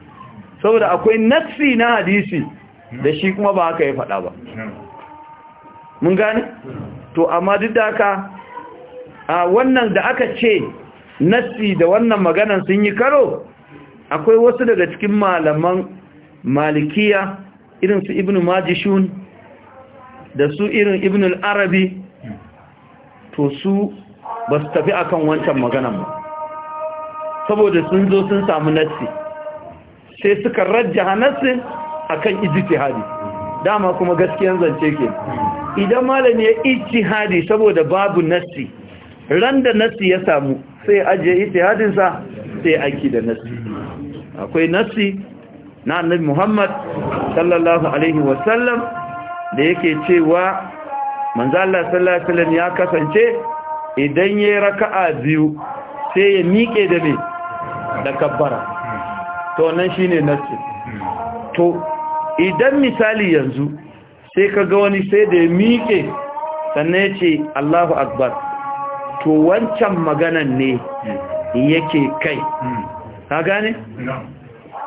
saboda akwai nassi na hadisi da shi kuma ba haka ya faɗa ba mun gane to amma duk da haka a wannan da aka ce nassi da wannan maganan sun yi karo akwai wasu daga cikin malaman malikiya irin su ibnu majishun da su irin ibnu arabi to su ba su tafi akan wancan maganan ba saboda sun zo sun samu nassi sai suka rajja nassi akan ijtihadi dama kuma gaskiyan zance ke idan malami ya ijtihadi saboda babu nassi ran da nassi ya samu sai ajiye ijtihadin sa sai aiki da nassi akwai nassi na annabi Muhammad sallallahu alaihi wasallam da yake cewa manzo Allah sallallahu alaihi wasallam ya kasance idan yayi raka'a biyu sai ya miƙe da me da kabbara to nan shine nassi to idan misali yanzu sai ka ga wani sai da ya miƙe sannan ya ce Allahu Akbar to wancan maganan ne yake kai ka gane?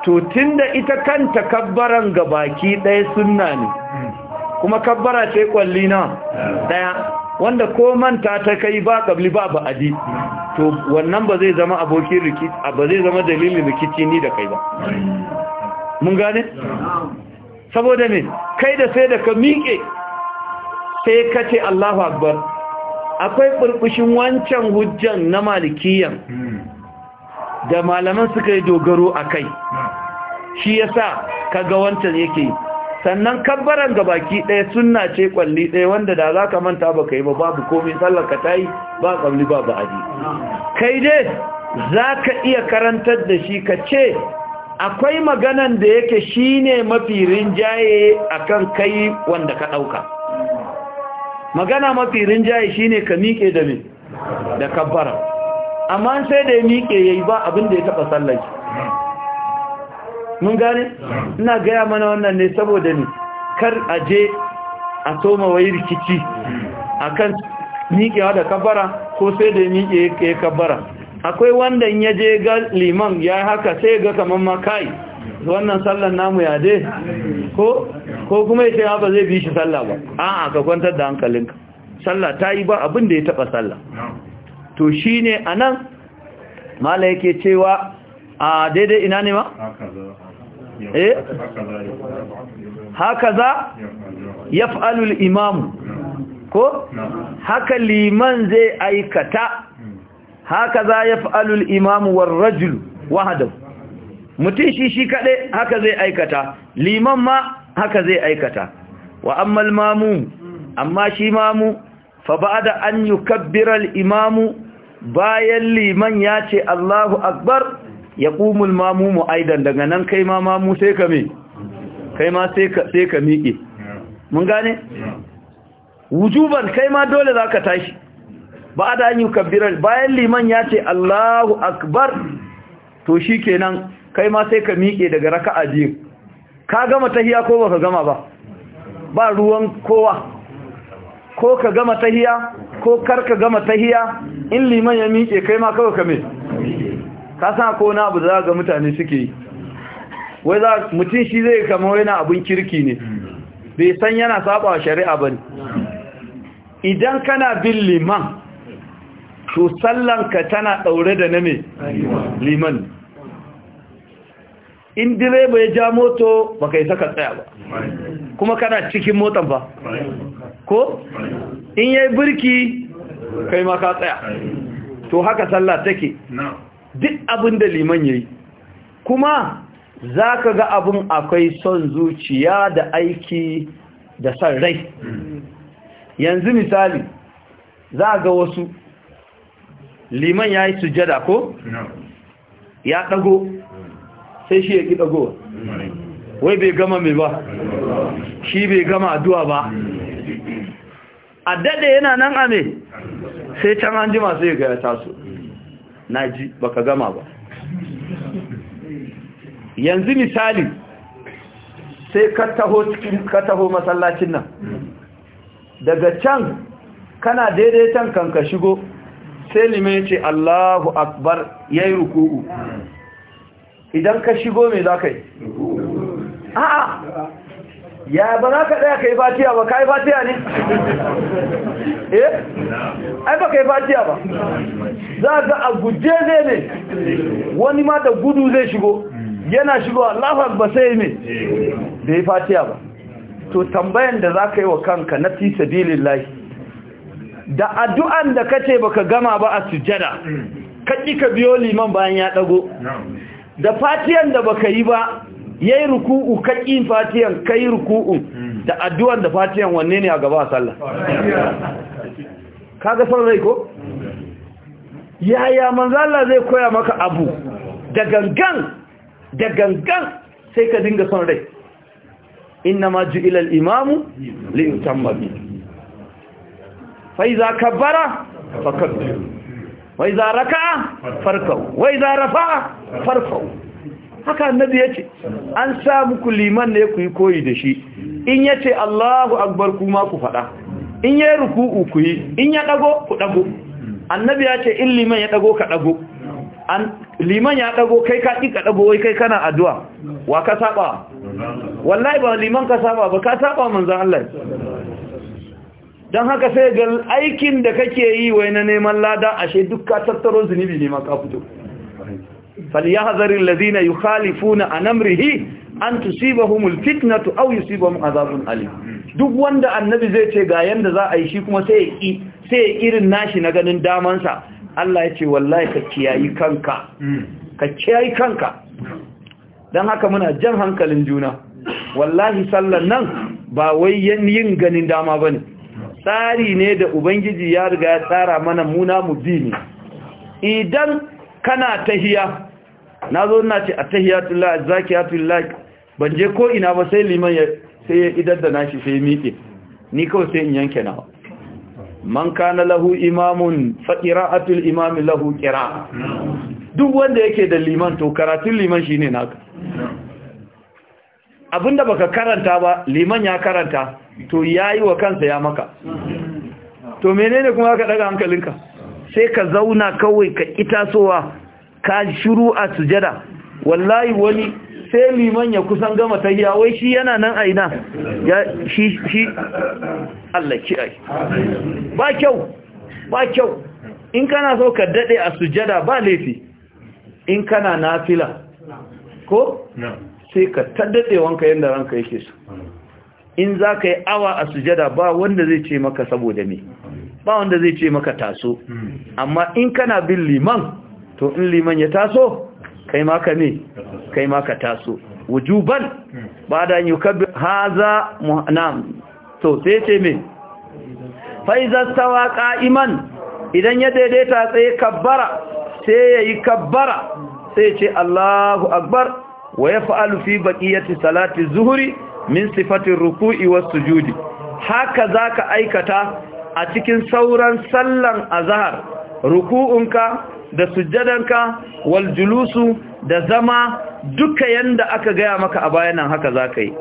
to tun da ita kanta kabbaran ga baki ɗaya sunna ne kuma kabbara ce kwalli na ɗaya wanda ko manta ta kai ba ƙabli ba adi to wannan ba zai zama abokin rikici ba zai zama dalilin rikici ni da kai ba mun gane? saboda ne kai da sai da ka miƙe sai ka ce Allahu Akbar akwai burbushin wancan hujjan na malikiyan da malaman suka yi dogaro a kai shi yasa ga wancan yake sannan kabbaran ga baki ɗaya suna ce kwalli ɗaya wanda da za ka manta ba ka yi ba babu komai sallar ka ta yi ba ƙabli ba ba'adi kai dai za ka iya karantar da shi ka ce akwai maganan da yake shine mafi rinjaye akan kai wanda ka ɗauka magana mafi rinjaye shine ka miƙe da me da kabbara amma sai da ya miƙe yayi ba abin da ya taɓa sallaki mun gane ina gaya mana wannan ne saboda ne kar aje a soma wai rikici akan miƙewa da kabbara ko sai da ya miƙe ya kabbara akwai wanda ya je ga liman ya haka sai ga kamar makai wannan sallan namu ya dai ko ko kuma ya ah, ba zai bi shi sallah ba a'a ka kwantar da hankalinka sallah ta yi ba abin da ya taba sallah to shine anan malai yake cewa a daidai ina ne ma eh haka za yaf'alul imamu ko haka liman zai aikata haka za ya alul imamu wa rajul wahadau mutum shi shi kaɗai haka zai aikata liman ma haka zai aikata wa ammal mamu amma shi mamu fa da an yi kabbiral imamu bayan liman ya ce Allahu akbar ya kumul mu aidan daga nan kai ma mamu sai ka me kai ma sai ka miƙe mun gane wujuban kai ma dole za ka tashi ba an yi bayan liman ya ce Allahu akbar to shi kenan kai ma sai ka miƙe daga raka'a biyu ka gama tahiya ko baka gama ba ba ruwan kowa ko ka gama tahiya ko kar ka gama tahiya in liman ya miƙe kai ma kawai ka me ka san ko na abu za ga mutane suke yi wai za mutum shi zai kama wani abun kirki ne bai san yana saba shari'a bane idan kana bin liman to sallanka tana ɗaure da na me liman in direba ya ja moto baka isa saka tsaya ba kuma kana cikin motan ba ko in yayi birki kai ma ka tsaya to haka sallah take duk abin da liman yayi kuma zaka ga abin akwai son zuciya da aiki da san rai mm. yanzu misali za ga wasu liman ya yi sujada ko? ya ɗago sai shi ya ƙi ɗago wai bai gama mai ba shi bai gama addu'a ba a daɗe yana nan a ne sai can an ji masu yaga ya taso na ji baka gama ba yanzu misali sai ka taho masallacin nan daga can kana daidai can shigo sai liman ya ce Allahu akbar yi ruku'u idan ka shigo me za ka yi a'a ya ba za ka ɗaya ka yi fatiya ba ka yi fatiya ne eh ai ba ka yi fatiya ba za ga a guje zai ne wani ma da gudu zai shigo yana shigo "Allahu akbar sai ne da yi fatiya ba to tambayan da za ka yi wa kanka na fi sabilillahi da addu'an da kace baka gama ba a sujjada kaƙi ka biyo liman bayan ya ɗago da fatiyan da baka yi ba ya yi ruku'u kaƙi fatiyan ka ruku'u da addu'an da fatiyan wanne ne a gaba a sallah kaga son rai ko? yaya manzala zai koya maka abu da gangan da gangan sai ka dinga son rai inna ma ilal imamu li فإذا كبر فكبروا وإذا ركع فاركعوا وإذا رفع فارفعوا haka annabi yace an sa muku liman ne ku yi koyi da shi in yace Allahu akbar kuma ku fada in yayi ruku'u ku yi in ya dago ku dago annabi yace in liman ya dago ka dago liman ya dago kai ka ki ka dago wai kai kana addu'a wa ka saba wallahi ba liman ka saba ba ka saba manzon Allah don haka sai ga aikin da kake yi wai na neman lada ashe duk ka tattaro zunubi ne maka fito falyahzaril a namrihi an amrihi an tusibahumul fitnatu aw mu azabun Ali. duk wanda annabi zai ce ga yanda za a yi shi kuma sai ya sai irin nashi na ganin damansa Allah ya ce wallahi ka kiyayi kanka ka kiyayi kanka don haka muna jan hankalin juna wallahi sallan nan ba wai yin ganin dama bane tsari ne da ubangiji ya riga ya tsara mana muna mu ne. idan kana tahiya na zo na ce a tahiyatullah zakiyatullah ban je ko ina ba sai liman ya sai ya idar da nashi sai miƙe ni kawai sai in yanke nawa man na lahu imamun a qira'atul imamun lahu kira. duk wanda yake da liman to karatun liman shi ne naka abinda baka karanta ba liman ya karanta to yayi wa kansa ya maka to menene kuma ka daga hankalinka sai ka zauna kawai ka itasowa ka shiru a sujada wallahi wani sai liman ya kusan gama ta yi wai shi yana nan aina ya shi shi Allah ki ai ba kyau ba kyau in kana so ka dade a sujada ba laifi in kana nafila ko sai ka taddadewanka yanda ranka yake so in za ka yi awa a sujada ba wanda zai ce maka saboda me ba wanda zai ce maka taso amma in kana bin liman to in liman ya taso kai maka ne kai maka taso wujuban ba da yukabbi haza muhnam to sai ce me fa iza stawa qa'iman idan ya daidaita tsaye kabbara sai yayi kabbara sai ce Allahu akbar wa yaf'alu fi baqiyati salati zuhri min sifatin ruku'i was sujudi haka zaka aikata a cikin sauran sallan azhar ruku'unka da sujjadanka wal julusu da zama duka yanda aka gaya maka a bayanan haka zaka yi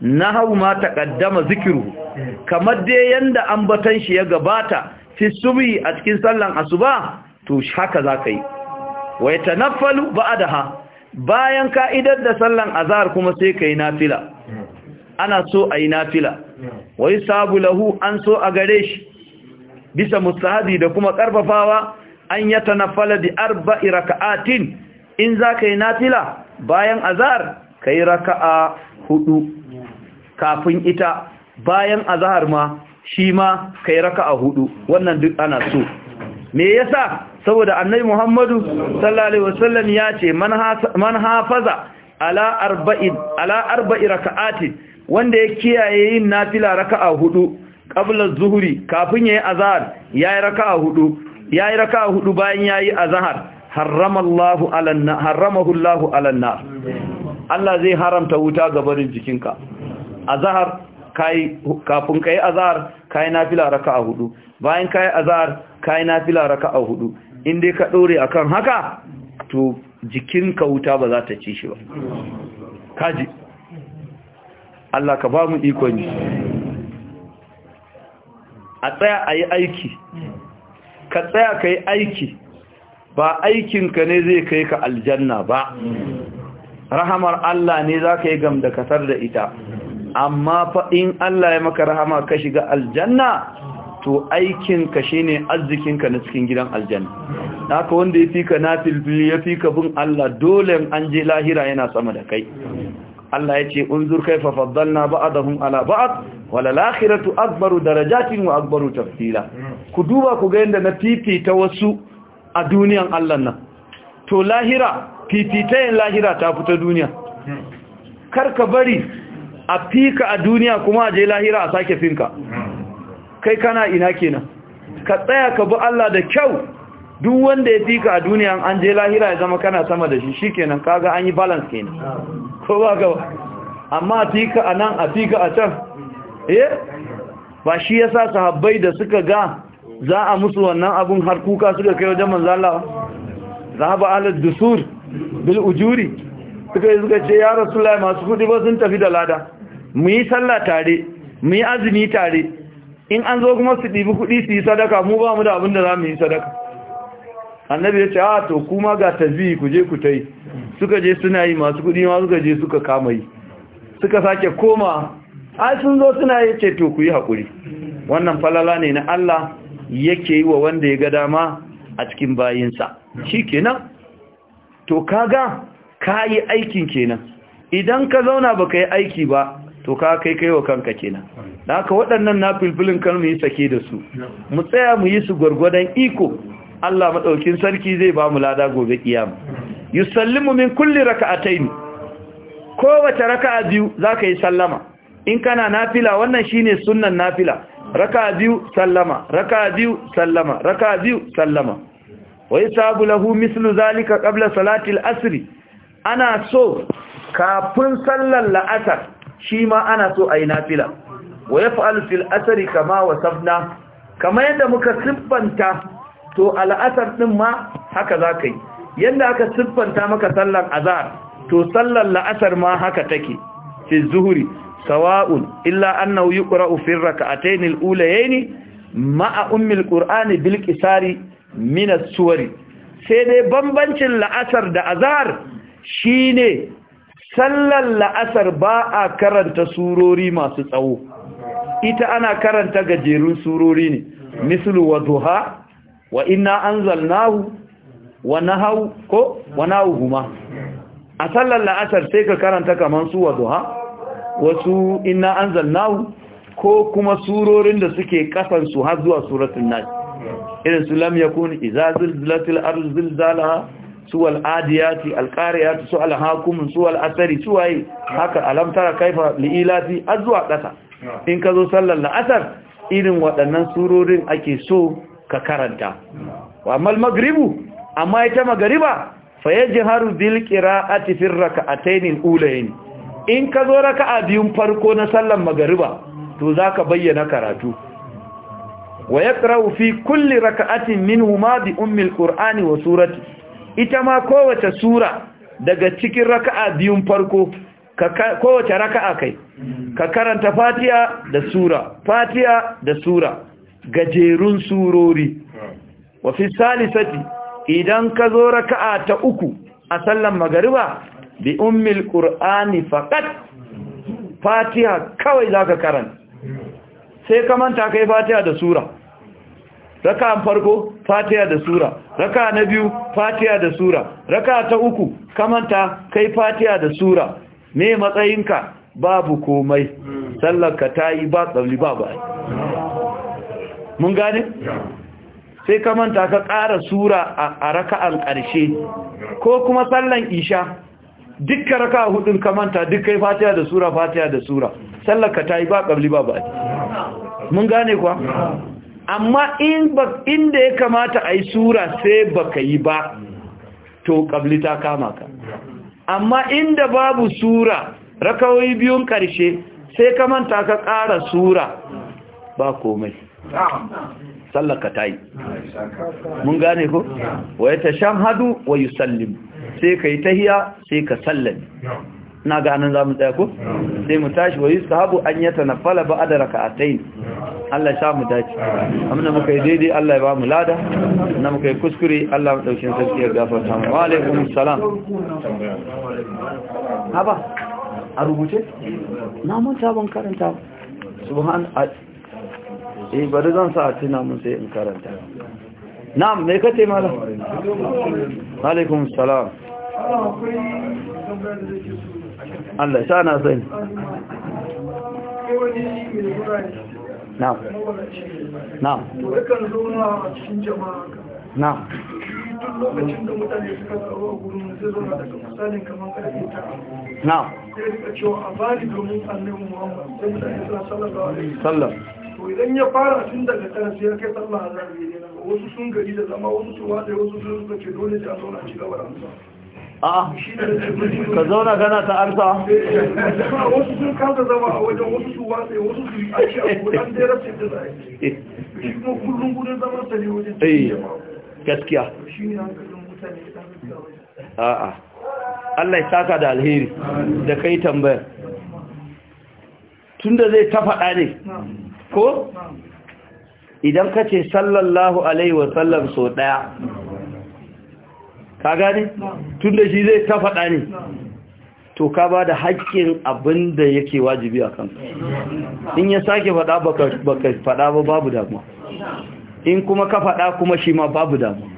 nahau ma taqaddama zikiru kamar dai yanda ambatan shi ya gabata fi subhi a cikin sallan asuba to haka zaka yi wa yatanaffalu ba'daha bayan ka'idar da sallan azhar kuma sai kai nafila ana so a yi nafila wai sabu lahu an so a gare shi bisa mustahabi da kuma ƙarfafawa. an na faladi bi arba'i raka'atin in za ka yi nafila bayan azahar ka yi raka'a hudu kafin ita bayan azahar ma shi ma ka yi raka'a hudu wannan duk ana so me yasa saboda annabi Muhammadu sallallahu alaihi wasallam ya ce man hafaza ala arba'i raka'atin wanda ya kiyaye yin nafila raka'a hudu qabla zuhri kafin yayi azhar yayi raka'a hudu yayi raka'a hudu bayan yayi azhar haramallahu alanna haramahu Allah alanna Allah zai haramta wuta ga barin jikinka azhar kai kafin kai azhar kai nafila raka'a hudu bayan kai azhar kai nafila raka'a hudu in dai ka dore akan haka to jikinka wuta ba za ta ci shi ba kaji Allah ka ba mu ikon yi a tsaya a yi aiki ka tsaya ka yi aiki ba aikinka ne zai kai ka aljanna ba rahamar Allah ne za ka yi gamda kasar da ita amma faɗin Allah ya maka rahama ka shiga aljanna to aikinka shi ne arzikinka na cikin gidan aljanna Na ka wanda ya fi ka na filfili ya fi ka bin Allah dole an je lahira yana sama da kai Allah ya ce unzur kaifa faddalna ba'dahum ala ba'd wala lakhiratu akbaru darajatin wa akbaru tafsila ku duba ku ga yanda na fifita wasu a duniyan Allah nan to lahira fifitayen lahira ta fita duniya karka bari a fika a duniya kuma a je lahira a sake finka kai kana ina kenan ka tsaya ka bi Allah da kyau duk wanda ya fika a duniya an je lahira ya zama kana sama da shi shikenan kaga an yi balance kenan ko ba ka amma atika a nan a can eh ba shi yasa sahabbai da suka ga za a musu wannan abun har kuka suka kai wajen manzo Allah ba alad dusur bil ujuri suka suka ce ya rasulullahi masu kudi ba sun tafi da lada mu yi sallah tare mu yi azumi tare in an zo kuma su dibi kuɗi su yi sadaka mu ba mu da abin da za mu yi sadaka annabi ya ce a ah, to kuma ga tazi ku je ku yi suka je suna yi masu kudi ma suka je suka kama yi suka sake koma ai sun zo suna yi ce to ku yi haƙuri wannan falala ne na Allah yake yi wa wanda ya ga dama a cikin bayinsa shi kenan to kaga ka yi aikin kenan idan ka zauna baka yi aiki ba to ka kai kai wa kanka kenan da haka waɗannan na filfilin kan mu yi sake da su mu tsaya mu yi su gwargwadon iko Allah maɗaukin sarki zai ba mu lada gobe kiyama yusallimu min kulli raka'atayn kowace raka'a biyu zaka yi sallama in kana nafila wannan shine sunnan nafila raka'a biyu sallama raka'a biyu sallama raka'a biyu sallama wa sabula lahu mislu zalika qabla salati al-asr ana so kafin sallar la'asar shi ma ana so ayi nafila wa yaf'alu fil asri kama wasafna kama yadda muka siffanta to la'asar din ma haka zaka yi yadda aka siffanta maka sallar azhar to sallar la'asar ma haka take fi zuhuri sawa'un illa annahu yuqra'u fi rak'atayn al-ulayayn ma'a ummi al-qur'ani bil qisari min as-suwari sai dai bambancin la'asar da azhar shine sallar la'asar ba a karanta surori masu tsawo ita ana karanta gajerun surori ne mislu wa duha wa inna anzalnahu wa nahau ko wa nahuhuma a sallar la'asar sai ka karanta kamar su wa duha wasu inna anzalnahu ko kuma surorin da suke kasan su har zuwa suratul nas irin su lam yakun idza zilzilatil ardu zilzalaha suwal adiyati alqariyati suwal hakum suwal asari suwaye haka alam tara kaifa liilati azwa kasa in ka zo sallar la'asar irin waɗannan surorin ake so ka karanta wa amma magribu amma ita magariba fa yajharu bil qira'ati fi rak'atayn tainin ulayn in ka zo raka'a biyun farko na sallan magariba to zaka bayyana karatu wa yaqra'u fi kulli rak'atin minhuma bi ummi al wa surati ita ma kowace sura daga cikin raka'a biyun farko kowace raka'a kai ka karanta fatiya da sura fatiya da sura gajerun surori wa fi salisati idan ka zo raka'a ta uku a sallan magariba bi ummil qur'ani faqat fatiha kawai zaka karanta sai ka manta kai fatiha da sura raka'a farko fatiha da sura raka'a na biyu fatiha da sura raka'a ta uku ka manta kai fatiha da sura me matsayinka babu komai sallar ka tayi ba tsabli ba ba mun gane sai ka manta ka ƙara sura a raka'an ƙarshe ko kuma sallan isha dukkan raka'a hudun ka manta duk fatiya da sura fatiya da sura sallar ka tayi ba ƙabli ba ba mun gane kuwa amma in inda ya kamata a yi sura sai baka yi ba to ƙabli ta kama ka amma inda babu sura rakawoyi biyun ƙarshe sai ka manta ka ƙara sura ba komai sallaka ta yi mun gane ko wa ya ta shahadu wa yi sallim sai ka yi tahiya sai ka sallami na ganin za mu tsaya ko sai mu tashi wa yi sahabu an yi ta nafala ba adara ka a tayin Allah sha mu dace amina muka yi daidai Allah ya ba mu lada na muka yi kuskure Allah mu ɗaukin sarki ya gafarta wa alaikum salam haba a rubuce na mun ban karanta subhan eh bari zan sa a tuna mun sai in karanta na'am me kace malam alaikum salam Allah sha na sani na'am na'am na'am duk lokacin da mutane suka tsawo a gurin zai zo na daga misalin kamar karfe ta na'am sai rika cewa a bari domin annabi muhammadu sai sallallahu alaihi wasallam to idan ya fara tun daga kan sai ya kai sallah zai yi nan wasu sun gari da zama wasu sun wata wasu sun suka ce dole sai a zauna ci gaba da amsa a'a ka zauna gana ta amsa wasu sun kasa zama a wajen wasu su wata wasu su a ci a gudan da ya da zai shi kuma kullum gudun zaman ta ne wajen yi eh, gaskiya shi ne hankalin mutane a'a Allah ya saka da alheri da kai tambayar tunda zai ta faɗa ne ko idan ka ce sallallahu alaihi wasallam so daya ka gani tun da shi zai ta faɗa ne to ka ba da haƙƙin abin da yake wajibi a kan in ya sake faɗa baka faɗa ba babu damuwa in kuma ka faɗa kuma shi ma babu damuwa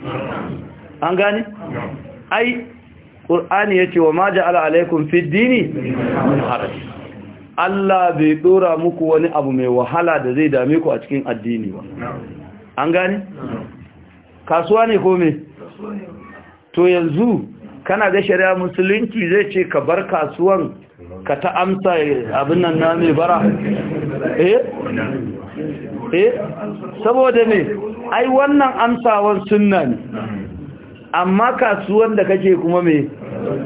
an gani? ai ƙur'ani ya ce wa ma ja'ala alaikum fid dini min Allah bai dora muku wani abu mai wahala da zai dame ku a cikin addini ba an gane kasuwa ne ko to yanzu kana ga shari'a musulunci zai ce ka bar kasuwan ka ta amsa abin nan na mai bara eh eh saboda me ai wannan amsawan sunna ne amma kasuwan da kake kuma me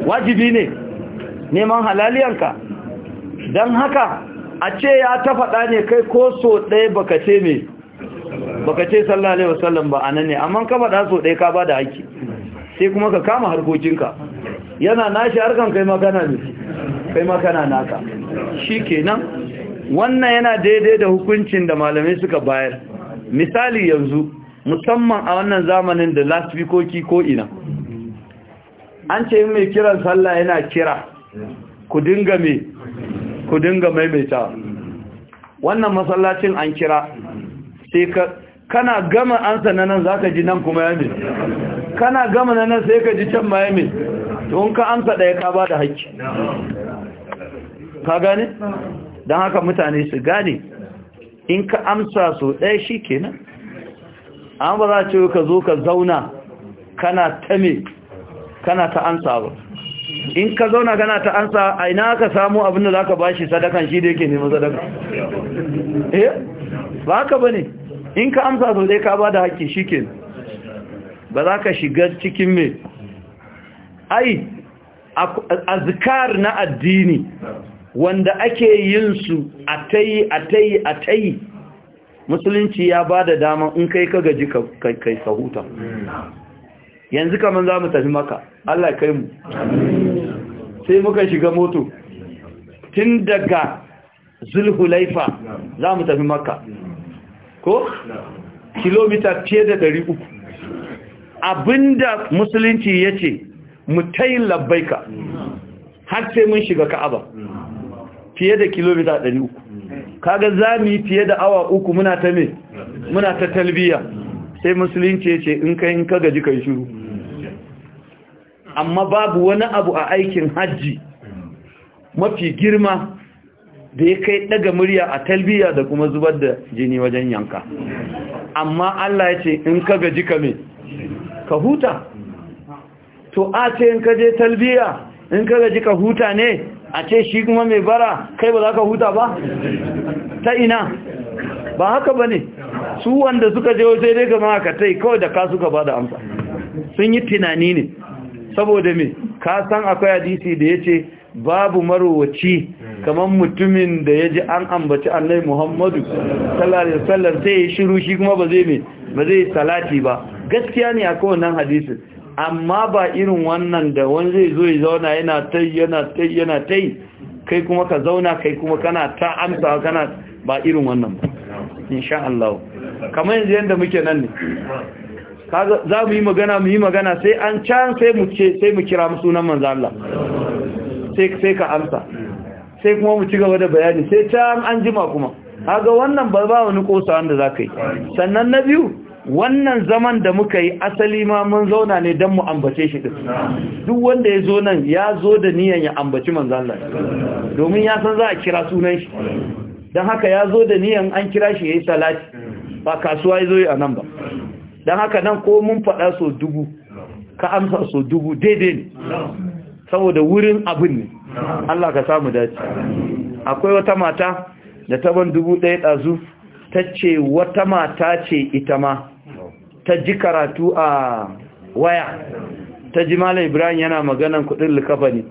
wajibi ne neman halaliyanka don haka a ce ya ta faɗa ne kai ko so ɗaya baka ce mai baka ce sallallahu alaihi wasallam ba anan ne amma ka faɗa so ɗaya ka ba da haƙƙi sai kuma ka kama harkokinka yana nashi harkan kai ma kana ne kai ma kana naka kenan wannan yana daidai da hukuncin da malamai suka bayar misali yanzu musamman a wannan zamanin da lasfikoki ko ina an ce mai kiran sallah yana kira ku dinga me ku dinga maimaita wannan masallacin an kira sai ka kana gama an na nan zaka ji nan kuma yami kana gama na nan sai ka ji can ma yamin to in ka amsa ɗaya ka ba da haƙƙi ka gane don haka mutane su gane in ka amsa so ɗaya shi kenan an ba za ce ka zo ka zauna kana ta kana ta amsa ba in ka zauna gana ta ansa a ina ka samu abin da za ka ba shi sadakan shi da yake neman sadaka eh ba haka ba ne in ka amsa sau zai ka ba da haƙƙi shi ke ba za ka shiga cikin mai ai azkar na addini wanda ake yin su a tayi a tayi a tayi musulunci ya ba da dama in kai ka gaji ka kai sahuta yanzu kamar za mu tafi maka Allah kai mu sai muka shiga moto tun daga zulhulaifa za mu tafi maka ko kilomita fiye da ɗari uku. abinda musulunci ya ce mutayin labbaika har sai mun shiga ka'aba fiye da kilomita ɗari uku. kaga za mu yi fiye da awa uku muna ta me muna ta talbiya sai musulunci ya ce in ka in ka gaji shuru shiru amma babu wani abu a aikin hajji mafi girma da ya kai daga murya a talbiya da kuma zubar da jini wajen yanka amma Allah ya ce in ka gaji ka me ka huta to a ce in ka je talbiya in ka gaji ka huta ne a ce shi kuma mai bara kai ba za ka huta ba ta ina ba haka ba ne su wanda suka je wajen dai gama ka tai kawai da ka suka ba da amsa sun yi tunani ne saboda me ka san akwai hadisi da ya ce babu marowaci kamar mutumin da ya ji an ambaci annai muhammadu sallallahu alaihi wasallam sai ya shiru shi kuma ba zai me ba zai salati ba gaskiya ne a wannan hadisi amma ba irin wannan da wani zai zo ya zauna yana tai yana tai yana tai kai kuma ka zauna kai kuma kana ta amsa kana ba irin wannan ba insha Allah kamar yanzu yanda muke nan ne za mu yi magana mu yi magana sai an can sai mu ce sai mu kira mu sunan manzo Allah sai sai ka amsa sai kuma mu ci gaba da bayani sai can an jima kuma kaga wannan ba ba wani kosa wanda zaka yi sannan na biyu wannan zaman da muka yi asali ma mun zauna ne don mu ambace shi din duk wanda ya zo nan ya zo da niyan ya ambaci manzo Allah domin ya san za a kira sunan shi don haka ya zo da niyan an kira shi ya yi salati ba kasuwa yazo yi a nan ba don haka nan ko mun faɗa so dubu ka amsa so dubu daidai ne saboda wurin abin ne Allah ka samu dace akwai wata mata da ta ban dubu ɗaya ɗazu ta ce wata mata ce ita ma ta ji karatu a waya ta ji Malam ibrahim yana maganan kudin likafa ne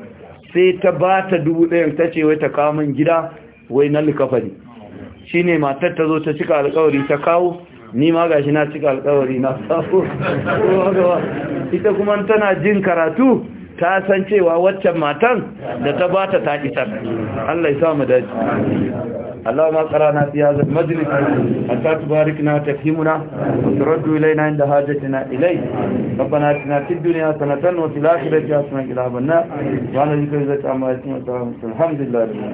sai ta ba ta dubu ɗayan ta ce wai ta kawo min gida wai na likafa ne shi ne matar ta zo ta cika alkawari ta kawo ni ma gashi na cika alƙawari na safo ita kuma tana jin karatu ta san cewa waccan matan da ta bata ta isar Allah ya sa samu daji Allah ma qarana fi hadha al-majlis hatta tubarikna tafhimuna wa turaddu ilayna inda hajatina ilay ربنا اتنا في الدنيا حسنة وفي الآخرة حسنة وقنا عذاب النار وعلى ذكر ذات أعمالنا الحمد لله